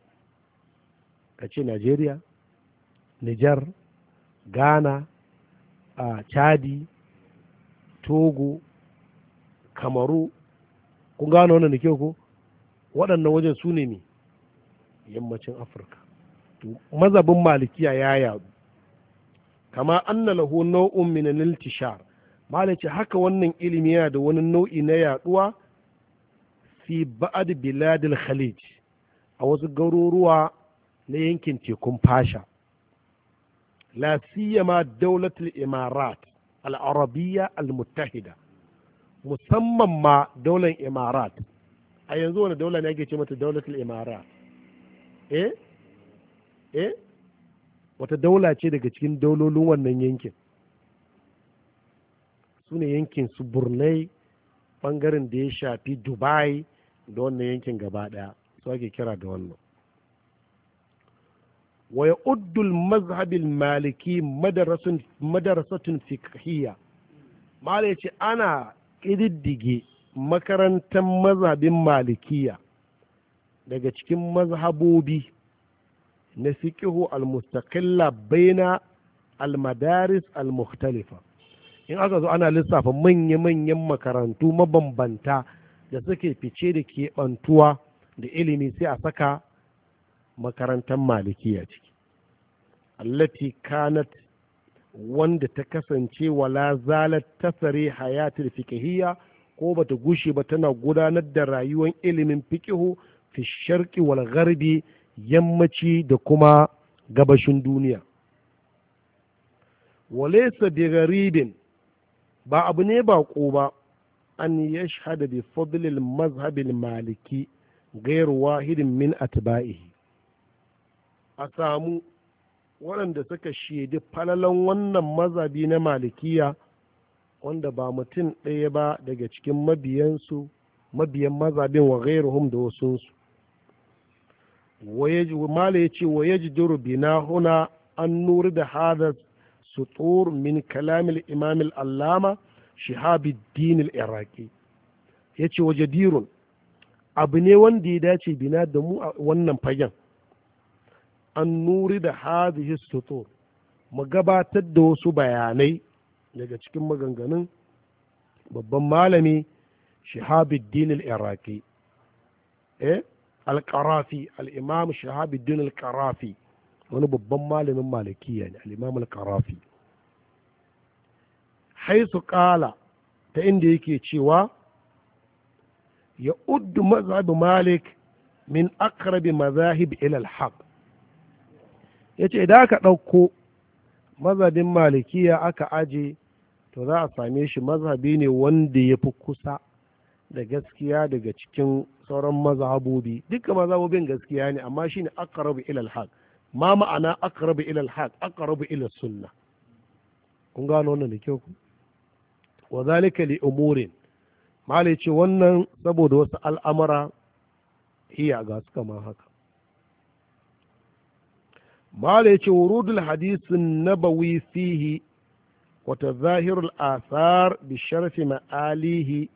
ka ce najeriya Niger, ghana a chadi togo kamaru kun gane wannan da ke ko waɗannan wajen su ne ne yammacin afirka mazabin malikiya ya yadu kama anna lahu nau'un min al iltishar malaci haka wannan ilimi yana da wani nau'i na yaduwa fi bilad biladil khalij a wasu garuruwa na yankin tekun fasha la siyama daulatul imarat al-arabiyya al-muttahida al arabiyya al muttahida musamman ma daular imarat a yanzu wani daula ne ake ce mata daular imarat eh eh wata daula ce daga cikin daulolin wannan yankin su ne yankin su burnai bangaren da ya shafi dubai da wannan yankin gaba daya su ake kira da wannan waya uddul mazhabil maliki madarasatun fikhiya malai ce ana ƙididdige makarantar mazhabin malikiya daga cikin mazhabobi na siƙihu almustaƙilla baina almadaris almuhtalifa in aka zo ana lissafa manya-manyan makarantu mabambanta da suke fice da keɓantuwa da ilimi sai a saka makarantar malikiya ciki allati kanat wanda ta kasance wala zalat tasari hayatul fiqhiyya ko bata gushe ba tana gudanar da rayuwar ilimin fiqhu fi sharqi wal gharbi yammaci da kuma gabashin duniya walaysa bi gharibin ba abu ne ba ko ba an yashhada bi fadlil mazhabin maliki ghairu wahidin min atba'ihi a samu waɗanda suka shaidi falalan wannan mazabi na malikiya wanda ba mutum ɗaya ba daga cikin mabiyansu mabiyan mazabin wa ghairuhum da wasunsu mala ya ce wa ji duru bina huna an nuri da hada su min kalamil imamil allama shihabuddin dinil Iraki. ya ce wa jadirun abu ne wanda ya dace bina da mu a wannan fagen an nuri da hadhihi sutur mu gabatar da wasu bayanai daga cikin maganganun babban malami shihabuddin al-iraqi eh al-qarafi al-imam shihabuddin al-qarafi wani babban malamin malikiya ne al-imam al-qarafi haisu qala ta inda yake cewa ya uddu mazhab malik min akrabi mazahib ila al-haq ya ce idan aka ɗauko mazhabin malikiya aka aje to za a same shi mazhabi ne wanda ya fi kusa da gaskiya daga cikin sauran mazhabobi duka mazhabobin gaskiya ne amma shi ne aka rabu ilal haq ma ma'ana aka rabu ilal haq rabu ila sunna kun gano wannan da kyau ku wa zalika li umurin malai ce wannan saboda wasu al'amura iya ga suka ma haka mala ce wurudul hadisin nabawi fihi wata tazahirul asar bi sharfi ma'alihi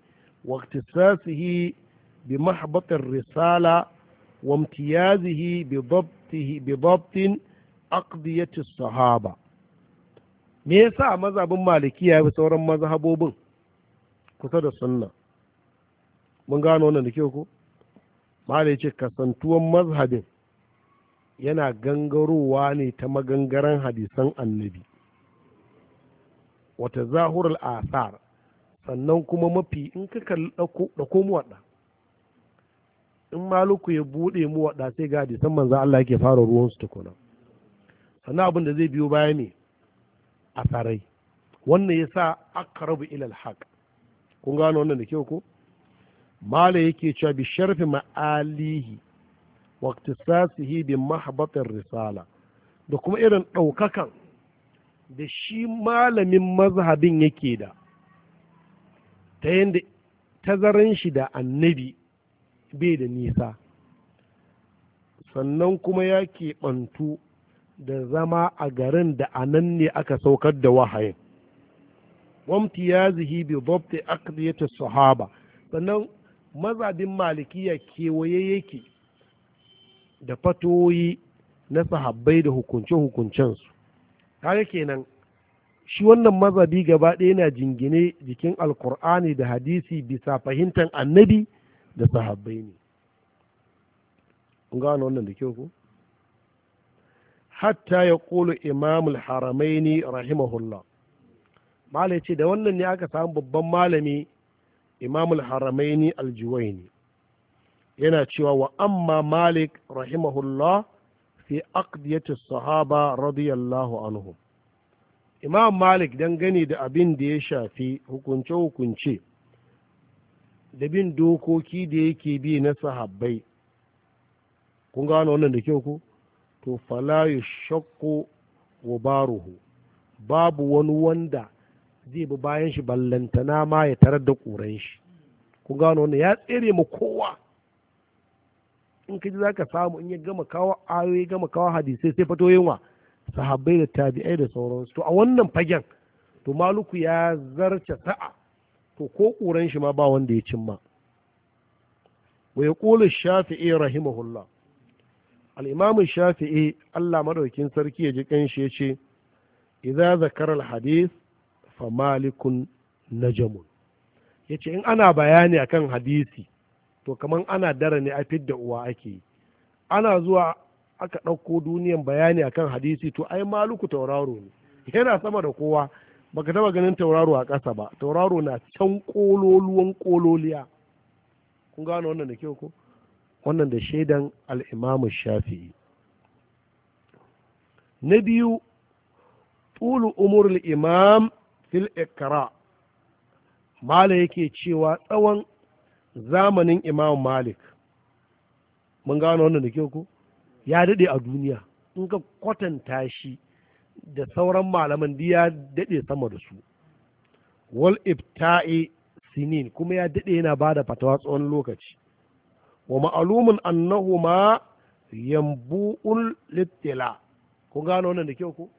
wa iktisasihi bi mahbatir risala wa imtiyazihi bi dabtin aqdiyati sahaba me yasa mazhabin maliki ya fi sauran mazhabobin kusa da sunna mun gano wannan da kyau ko malai ce kasantuwan mazhabin yana gangarowa ne ta magangaren hadisan annabi wata zahurar asar sannan kuma mafi in ka kalli ɗauko waɗa, in maluku ya buɗe waɗa sai ga hadisan manzan Allah yake fara ruwansu tukuna sannan abin da zai biyo baya ne asarai wannan ya sa aka rabu ilal haq kun gano wannan da kyau ko mala yake cewa bi sharfi ma'alihi waqtisasihi bi mahbatir risala da kuma irin ɗaukakan da shi malamin mazhabin yake da ta yadda tazaran shi da annabi bai da nisa sannan kuma ya keɓantu da zama a garin da a nan ne aka saukar da wahayin wamti ya zihi bi dabta sahaba sannan mazhabin malikiya kewaye yake da fatoyi na sahabbai da hukunce-hukuncensu kaga kenan shi wannan mazabi gaba ɗaya na jingine jikin alkur'ani da hadisi bisa fahimtar annabi da sahabbai ne gano wannan da kyau ku hatta ya ƙulu imamul haramaini rahimahullah malai ce da wannan ne aka samu babban malami imamul haramaini ne yana cewa wa amma malik rahimahullah fi aqdiyati sahaba radiyallahu anhu imam malik dangane da abin da ya shafi hukunce-hukunce da bin dokoki da yake bi na sahabbai kun gano wannan da kyau ku to fala wa baruhu babu wani wanda zai bi bayan shi ballantana ma ya tarar da kuran shi kun gano wannan ya tsere ma kowa in ka ji za ka samu in ya gama kawo ayoyi gama kawo hadisai sai fato yunwa sahabbai da tabi'ai da sauransu to a wannan fagen to maluku ya zarce sa'a to ko ƙuran shi ma ba wanda ya cimma wa ya ƙola shafi'i rahimahullah al'imamun shafi'i allah maɗaukin sarki ya ji ƙanshi ya ce idza zakara al fa malikun najamun yace in ana bayani akan hadisi to kaman ana dara ne a fidda uwa ake yi, ana zuwa aka ɗauko duniyan bayani akan hadisi to ai maluku tauraro ne yana sama da kowa baka taba ganin tauraro a ƙasa ba tauraro na can ƙololuwan ƙololiya kun gano wannan da kyau ko wannan da shaidan al'imamu shafi'i na biyu tulu umurul imam fil ikra mala yake cewa tsawon zamanin imam malik mun gano wannan da ke ku ya daɗe a duniya in ka kwatanta shi da sauran malaman ya daɗe sama da su wal ibta'i sinin kuma ya daɗe yana ba da fatawa tsawon lokaci wa ma'alumin annahu ma yambu'ul littila kun gano wannan da ke ku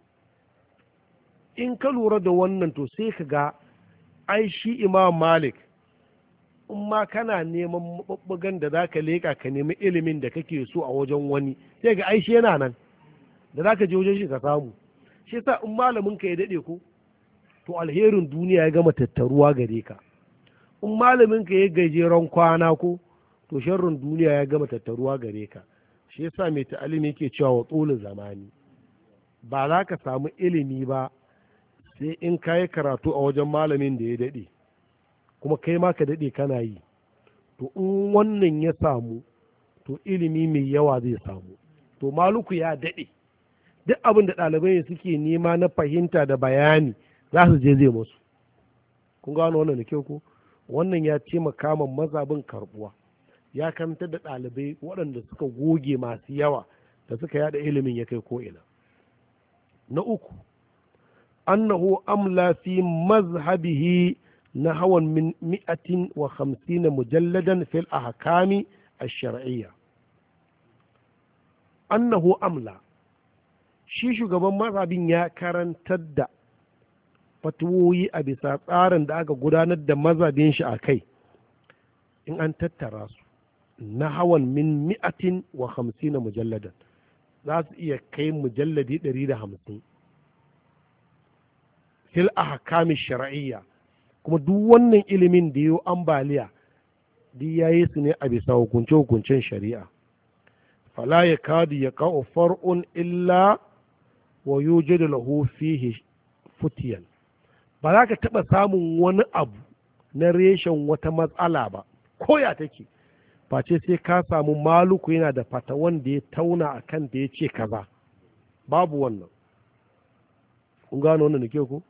in ka lura da wannan to sai ka ga ai shi imam malik in ma kana neman maɓuɓɓugan da zaka leƙa ka nemi ilimin da kake so a wajen wani sai ga aishi yana nan da zaka je wajen shi ka samu shi sa in malamin ka ya daɗe ko to alherin duniya ya gama tattaruwa gare ka in malamin ka ya gajeren kwana ko to sharrin duniya ya gama tattaruwa gare ka shi yasa mai ta'alim yake cewa wa tsolin zamani ba za ka samu ilimi ba sai in ka yi karatu a wajen malamin da ya daɗe kuma kai ma ka daɗe kana yi to in wannan ya samu to ilimi mai yawa zai samu to maluku ya daɗe duk abin da ɗalibai suke nema na fahimta da bayani za su je zai masu kun gano wannan da kyau ko wannan ya ce makaman mazabin karbuwa ya kantar da ɗalibai waɗanda suka goge masu yawa da suka yada ilimin ya kai ko'ina na uku annahu amla fi mazhabihi نحو من 150 مجلدا في الأحكام الشرعية أنه أملى shi shugaban mazhabin ya karantar da fatuwoyi a bisa tsarin da aka gudanar da mazhabin shi a kai in an tattara su na hawan min mi'atin wa hamsina mujalladan za su iya kai mujalladi ɗari da hamsin fil ahkami shar'iyya kuma duk wannan ilimin da yi ambaliya di ya yi su ne a bisa hukunce-hukuncen shari'a fala ya kadu ya ka'u far'un illa wa da lahu fihi futiyan ba za ka taɓa samun wani abu na reshen wata matsala ba koya take face sai ka samu maluku yana da fata wanda ya tauna a kan da ya ce ka ba babu wannan kun gano wannan da ke ku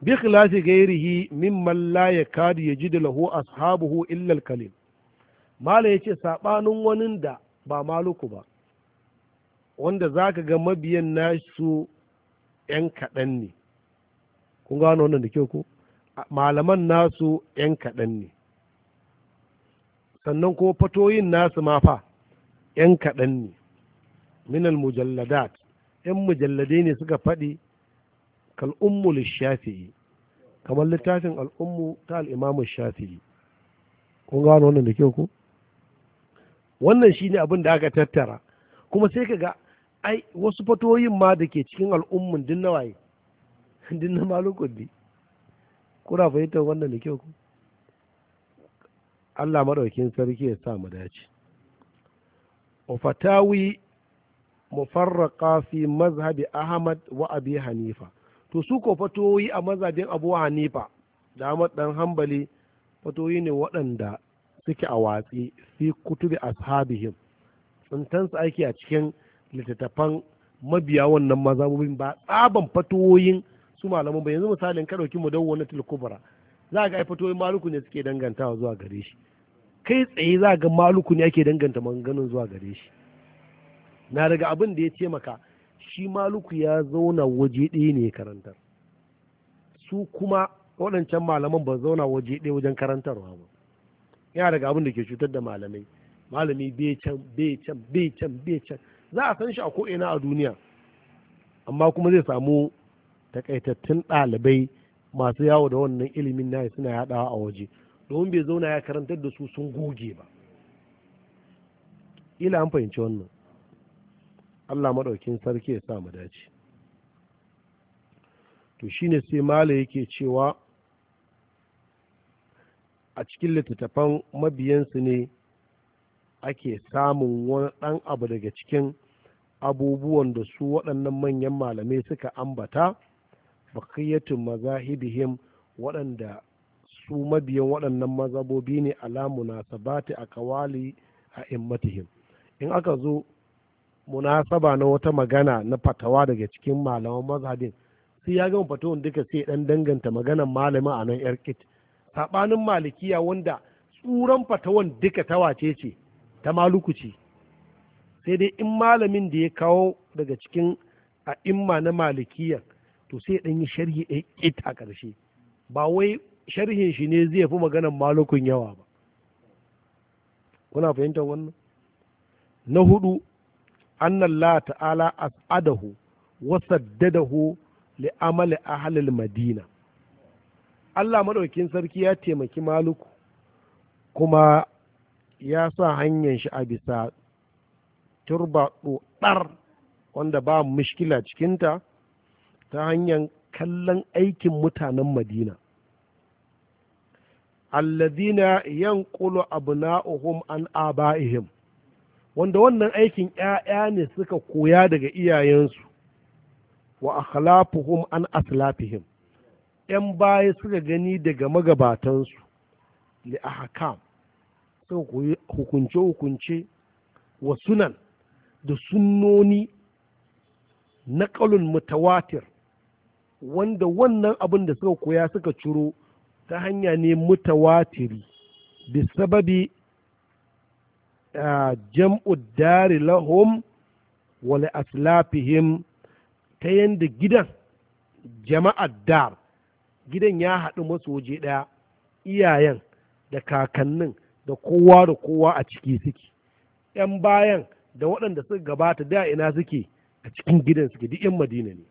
bi khilafi ghairihi mimman la yakadu yajidu lahu ashabuhu illa al-kalim mala yace sabanin wanin da ba maluku ba wanda zaka ga mabiyan nasu yan kaɗan ne kun gano wannan da kyau ko malaman nasu yan kaɗan sannan ko fatoyin nasu ma fa yan kaɗan ne minal mujalladat yan mujalladai ne suka faɗi kal'ummu lishafi'i kamar littafin al'ummu ta al'imamu shafi'i kun gano wannan da kyau ku wannan shi ne abin da aka tattara kuma sai ka ga ai wasu fatoyin ma da ke cikin al'ummun din na waye *laughs* din na malukun ne kuna fahimtar wannan da kyau ku Allah maɗaukin sarki ya sa mu dace وفتاوي مفرقة في مذهب أحمد وأبي حنيفة to su ko fatoyi a mazajen abu hanifa da dan hambali fatoyi ne waɗanda suke a watsi fi kutubi ashabihim tsintansu aiki a cikin littattafan mabiya wannan mazamubin ba tsaban fatoyin su malamu ba yanzu misalin ka mu dawo na tilkubara za ga fatoyin maluku ne suke dangantawa zuwa gare shi kai tsaye za ga maluku ne ake danganta maganganun zuwa gare shi na daga abin da ya ce maka shi maluku ya zauna waje ɗaya ne karantar su kuma waɗancan malaman ba zauna waje ɗaya wajen karantarwa ba yana daga abin da ke cutar da malamai malami bai can bai can bai can bai can za a san shi a ko'ina a duniya amma kuma zai samu takaitattun ɗalibai masu yawo da wannan ilimin na suna yaɗawa a waje domin bai zauna ya karantar da su sun goge ba ila an fahimci wannan allah maɗaukin sarki ya sa mu dace to shine sai mala yake cewa a cikin littattafan mabiyansu ne ake samun wani ɗan abu daga cikin abubuwan da su waɗannan manyan malamai suka ambata bakiyatun mazahibihim waɗanda su mabiyan waɗannan mazabobi ne alamuna sabati a kawali a immatihim in aka zo munasaba na wata magana na fatawa daga cikin malaman mazhabin sai ya gama fatawar duka sai dan danganta maganar malamin a nan yarkit sabanin malikiya wanda tsuran fatawan duka ta wace ce ta maluku ce sai dai in malamin da ya kawo daga cikin a imma na malikiya to sai dan yi sharhi ɗan it a ƙarshe ba wai sharhin shi ne zai fi maganan malukun yawa ba kuna fahimtar wannan na hudu anna ta'ala as'adahu wa saddadahu li amali ahlil madina Allah madaukin sarki ya taimaki maluku kuma ya sa hanyar shi a bisa turba ɗar wanda ba mushkila cikinta ta hanyar kallon aikin mutanen madina allazina yanqulu abna'uhum an aba'ihim wanda wannan aikin ‘ya'ya ne suka koya daga iyayensu wa akhlafuhum an aslafihim ‘yan baya suka gani daga magabatansu li ahkam suka hukunce-hukunce wa sunan da sunnoni na ƙalun mutawatir wanda wannan abin da suka koya suka ciro ta hanya ne mutawatiri bi sababi jam’ud dari lahum wa li aslafihim ta yanda gidan jama'ar dar gidan ya haɗu masu waje ɗaya iyayen da kakannin da kowa da kowa a ciki suke ‘yan bayan da waɗanda suka gabata da ina suke a cikin gidan suke duk ‘yan madina ne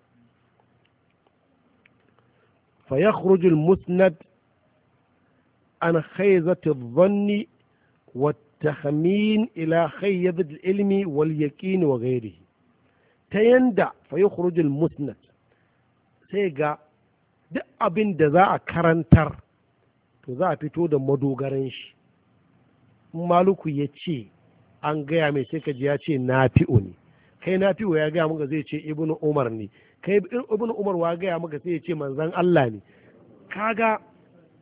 fayakhruju musnad an haizatu zanni wa tahmin ila خيب العلم ilmi وغيره yaqin wa ghairihi ta yanda fa yukhruj zai ga duk abin da za a karantar to za fito da madogaran shi maluku ya ce an gaya mai sai kaji ya ce nafi'u ne kai nafi'u ya gaya muka zai ce ibnu umar ne kai ibnu umar wa gaya muka sai ya ce manzan Allah ne kaga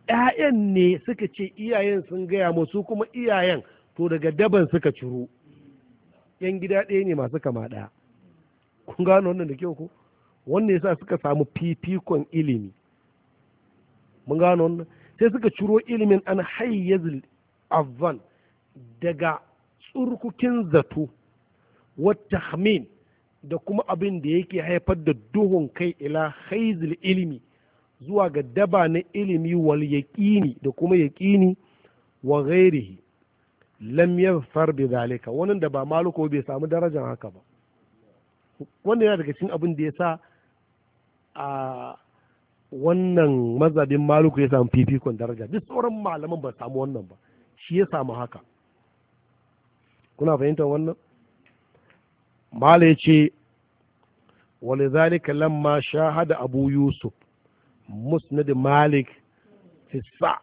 ‘ya'yan ne suka ce iyayen sun gaya musu kuma iyayen to daga daban suka ciro yan gida ɗaya ne masu kama ɗaya kun gano wannan da kyau ko wannan yasa suka samu fifikon ilimi mun gano wannan sai suka ciro ilimin an hayyazil avvan daga tsurkukin zato wata hamin da kuma abin da yake haifar da duhun kai ila haizil ilimi zuwa ga daba na ilimi wal yaƙini da kuma yaƙini wa gairihi. lam yanfar bi zalika wannan da ba maluko bai samu darajar haka ba wannan yana daga cikin abin da ya sa a wannan mazabin maluku ya samu fifikon daraja duk sauran malaman ba samu wannan ba shi ya samu haka kuna fahimtar wannan mala ya ce shaha da شاهد أبو يوسف مسند مالك Malik fisa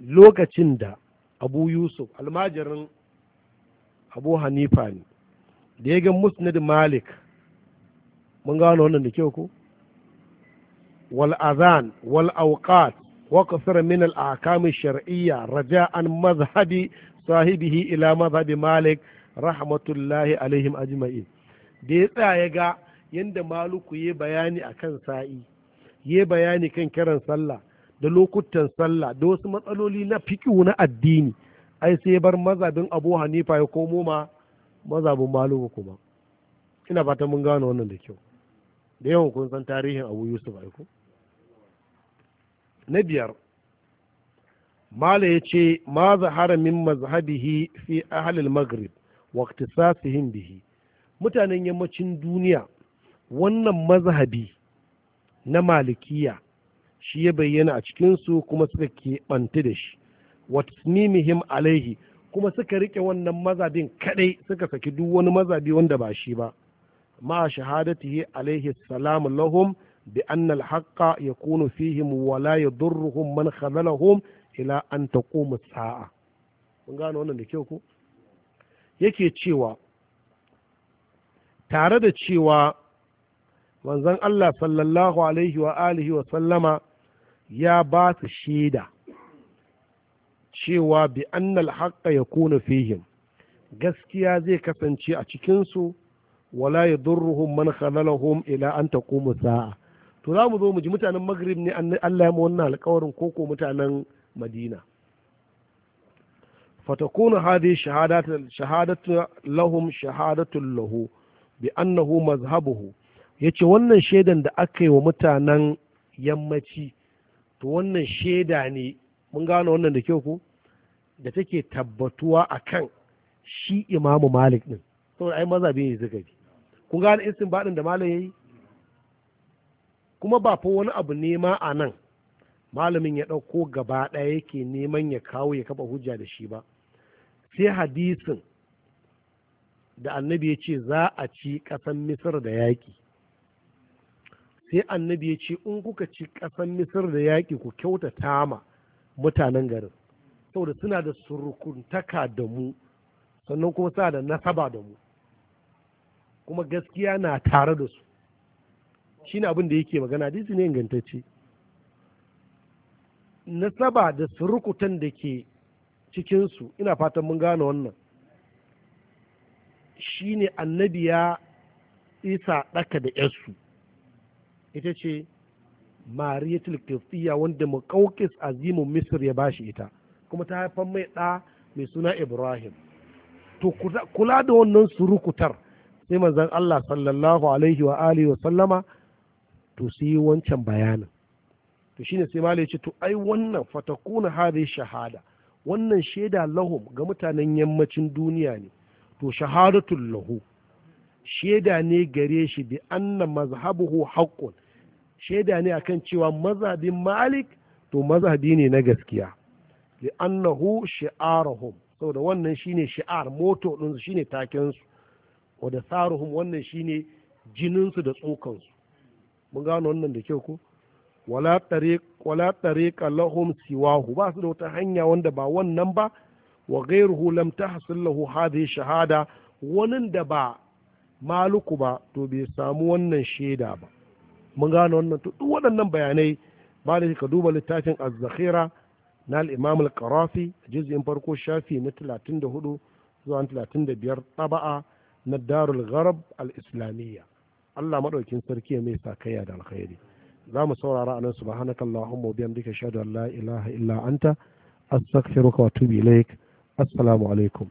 lokacin da abu yusuf almajirin abu hanifa ne da ya ga musnad malik mun gano wannan da kyau ko wal azan wal awqat wa kasar min al ahkam shar'iyya raja'an mazhabi sahibihi ila mazhabi malik rahmatullahi alaihim ajma'in da ya tsaya ga yanda Maliku ya bayani akan sa'i ya bayani kan kiran sallah da lokutan sallah da wasu matsaloli na fiƙi na addini ai sai bar mazabin abu hanifa ya komo ma mazabin malubu kuma ina fata mun gano wannan da kyau da yawan kun san tarihin abu yusuf aiko na biyar mala ya ce ma zahara min mazhabihi fi ahlil maghrib wa iktisasihim bihi mutanen yammacin duniya wannan mazhabi na malikiya shi ya bayyana a cikinsu kuma suka keɓanta da shi watsnimihim alaihi kuma suka riƙe wannan mazabin kaɗai suka saki duk wani mazabi wanda ba shi ba ma shahadatihi alaihi salamu lahum bi anna alhaqqa yakunu fihim wa la yadurruhum man khazalahum ila an taqumu sa'a mun gane wannan da kyau ko yake cewa tare da cewa manzon Allah sallallahu alaihi wa alihi wa sallama ya ba su shaida cewa bi annal haqqa yakunu fihim gaskiya zai kasance a cikinsu wala yadurruhum man khalalahum ila an taqumu sa'a to za mu zo mu ji mutanen maghrib ne Allah ya wannan alƙawarin koko mutanen madina fatakunu hadhihi shahadatu shahadatu lahum shahadatu lahu bi annahu mazhabuhu yace wannan shaidan da aka yi wa mutanen yammaci to wannan shaida ne mun gano wannan da kyau ko da take tabbatuwa a kan shi imamu malik din saboda ai mazhabi ne suka bi kun gane baɗin da malam ya yi. kuma ba fa wani abu nema a nan malamin ya ɗauko gaba ɗaya yake neman ya kawo ya kafa hujja da shi ba sai hadisin da annabi ya ce za a ci ƙasan misir da yaƙi sai annabi ya ce in kuka ci ƙasan misir da yaƙi ku kyauta tama mutanen garin saboda suna da surukuntaka da mu sannan kuma suna da nasaba da mu kuma gaskiya na tare da su Shi ne abin da yake magana hadisi ne ingantacce nasaba da surukutan da ke cikinsu ina fatan mun gane wannan shine annabi ya isa ɗaka da 'yarsu ita ce mariyatul kiftiya wanda makaukis azimin misir ya bashi ita kuma ta haifar mai ɗa mai suna ibrahim to kula da wannan surukutar sai mazan allah sallallahu alaihi wa alihi wa sallama to su yi wancan bayanin to shine sai malai ce to ai wannan fatakuna hadhihi shahada wannan shaida lahum ga mutanen yammacin duniya ne to shahadatun lahu shaida ne gare shi bi anna mazhabuhu haqqun shaida ne akan cewa mazhabin malik to mazhabi ne na gaskiya annahu shi'arahum saboda wannan shine shi'ar moto su shine takensu wa da saruhum wannan shine jininsu da tsokansu mun gano wannan da kyau ko wala tariqa lahum siwahu ba su da wata hanya wanda ba wannan ba wa ghayruhu lam tahsil lahu hadhihi shahada wannan da ba maluku ba to bai samu wannan shaida ba mun gano wannan to waɗannan bayanai ba da ka duba littafin az-zakhira na al-imam al-qarafi juz'in farko shafi na 34 zuwa 35 taba'a na darul gharab al-islamiyya Allah madaukin sarki mai sakayya da alkhairi za mu saurara anan subhanaka allahumma wa bihamdika ashhadu an la ilaha illa anta astaghfiruka wa atubu ilaik assalamu alaikum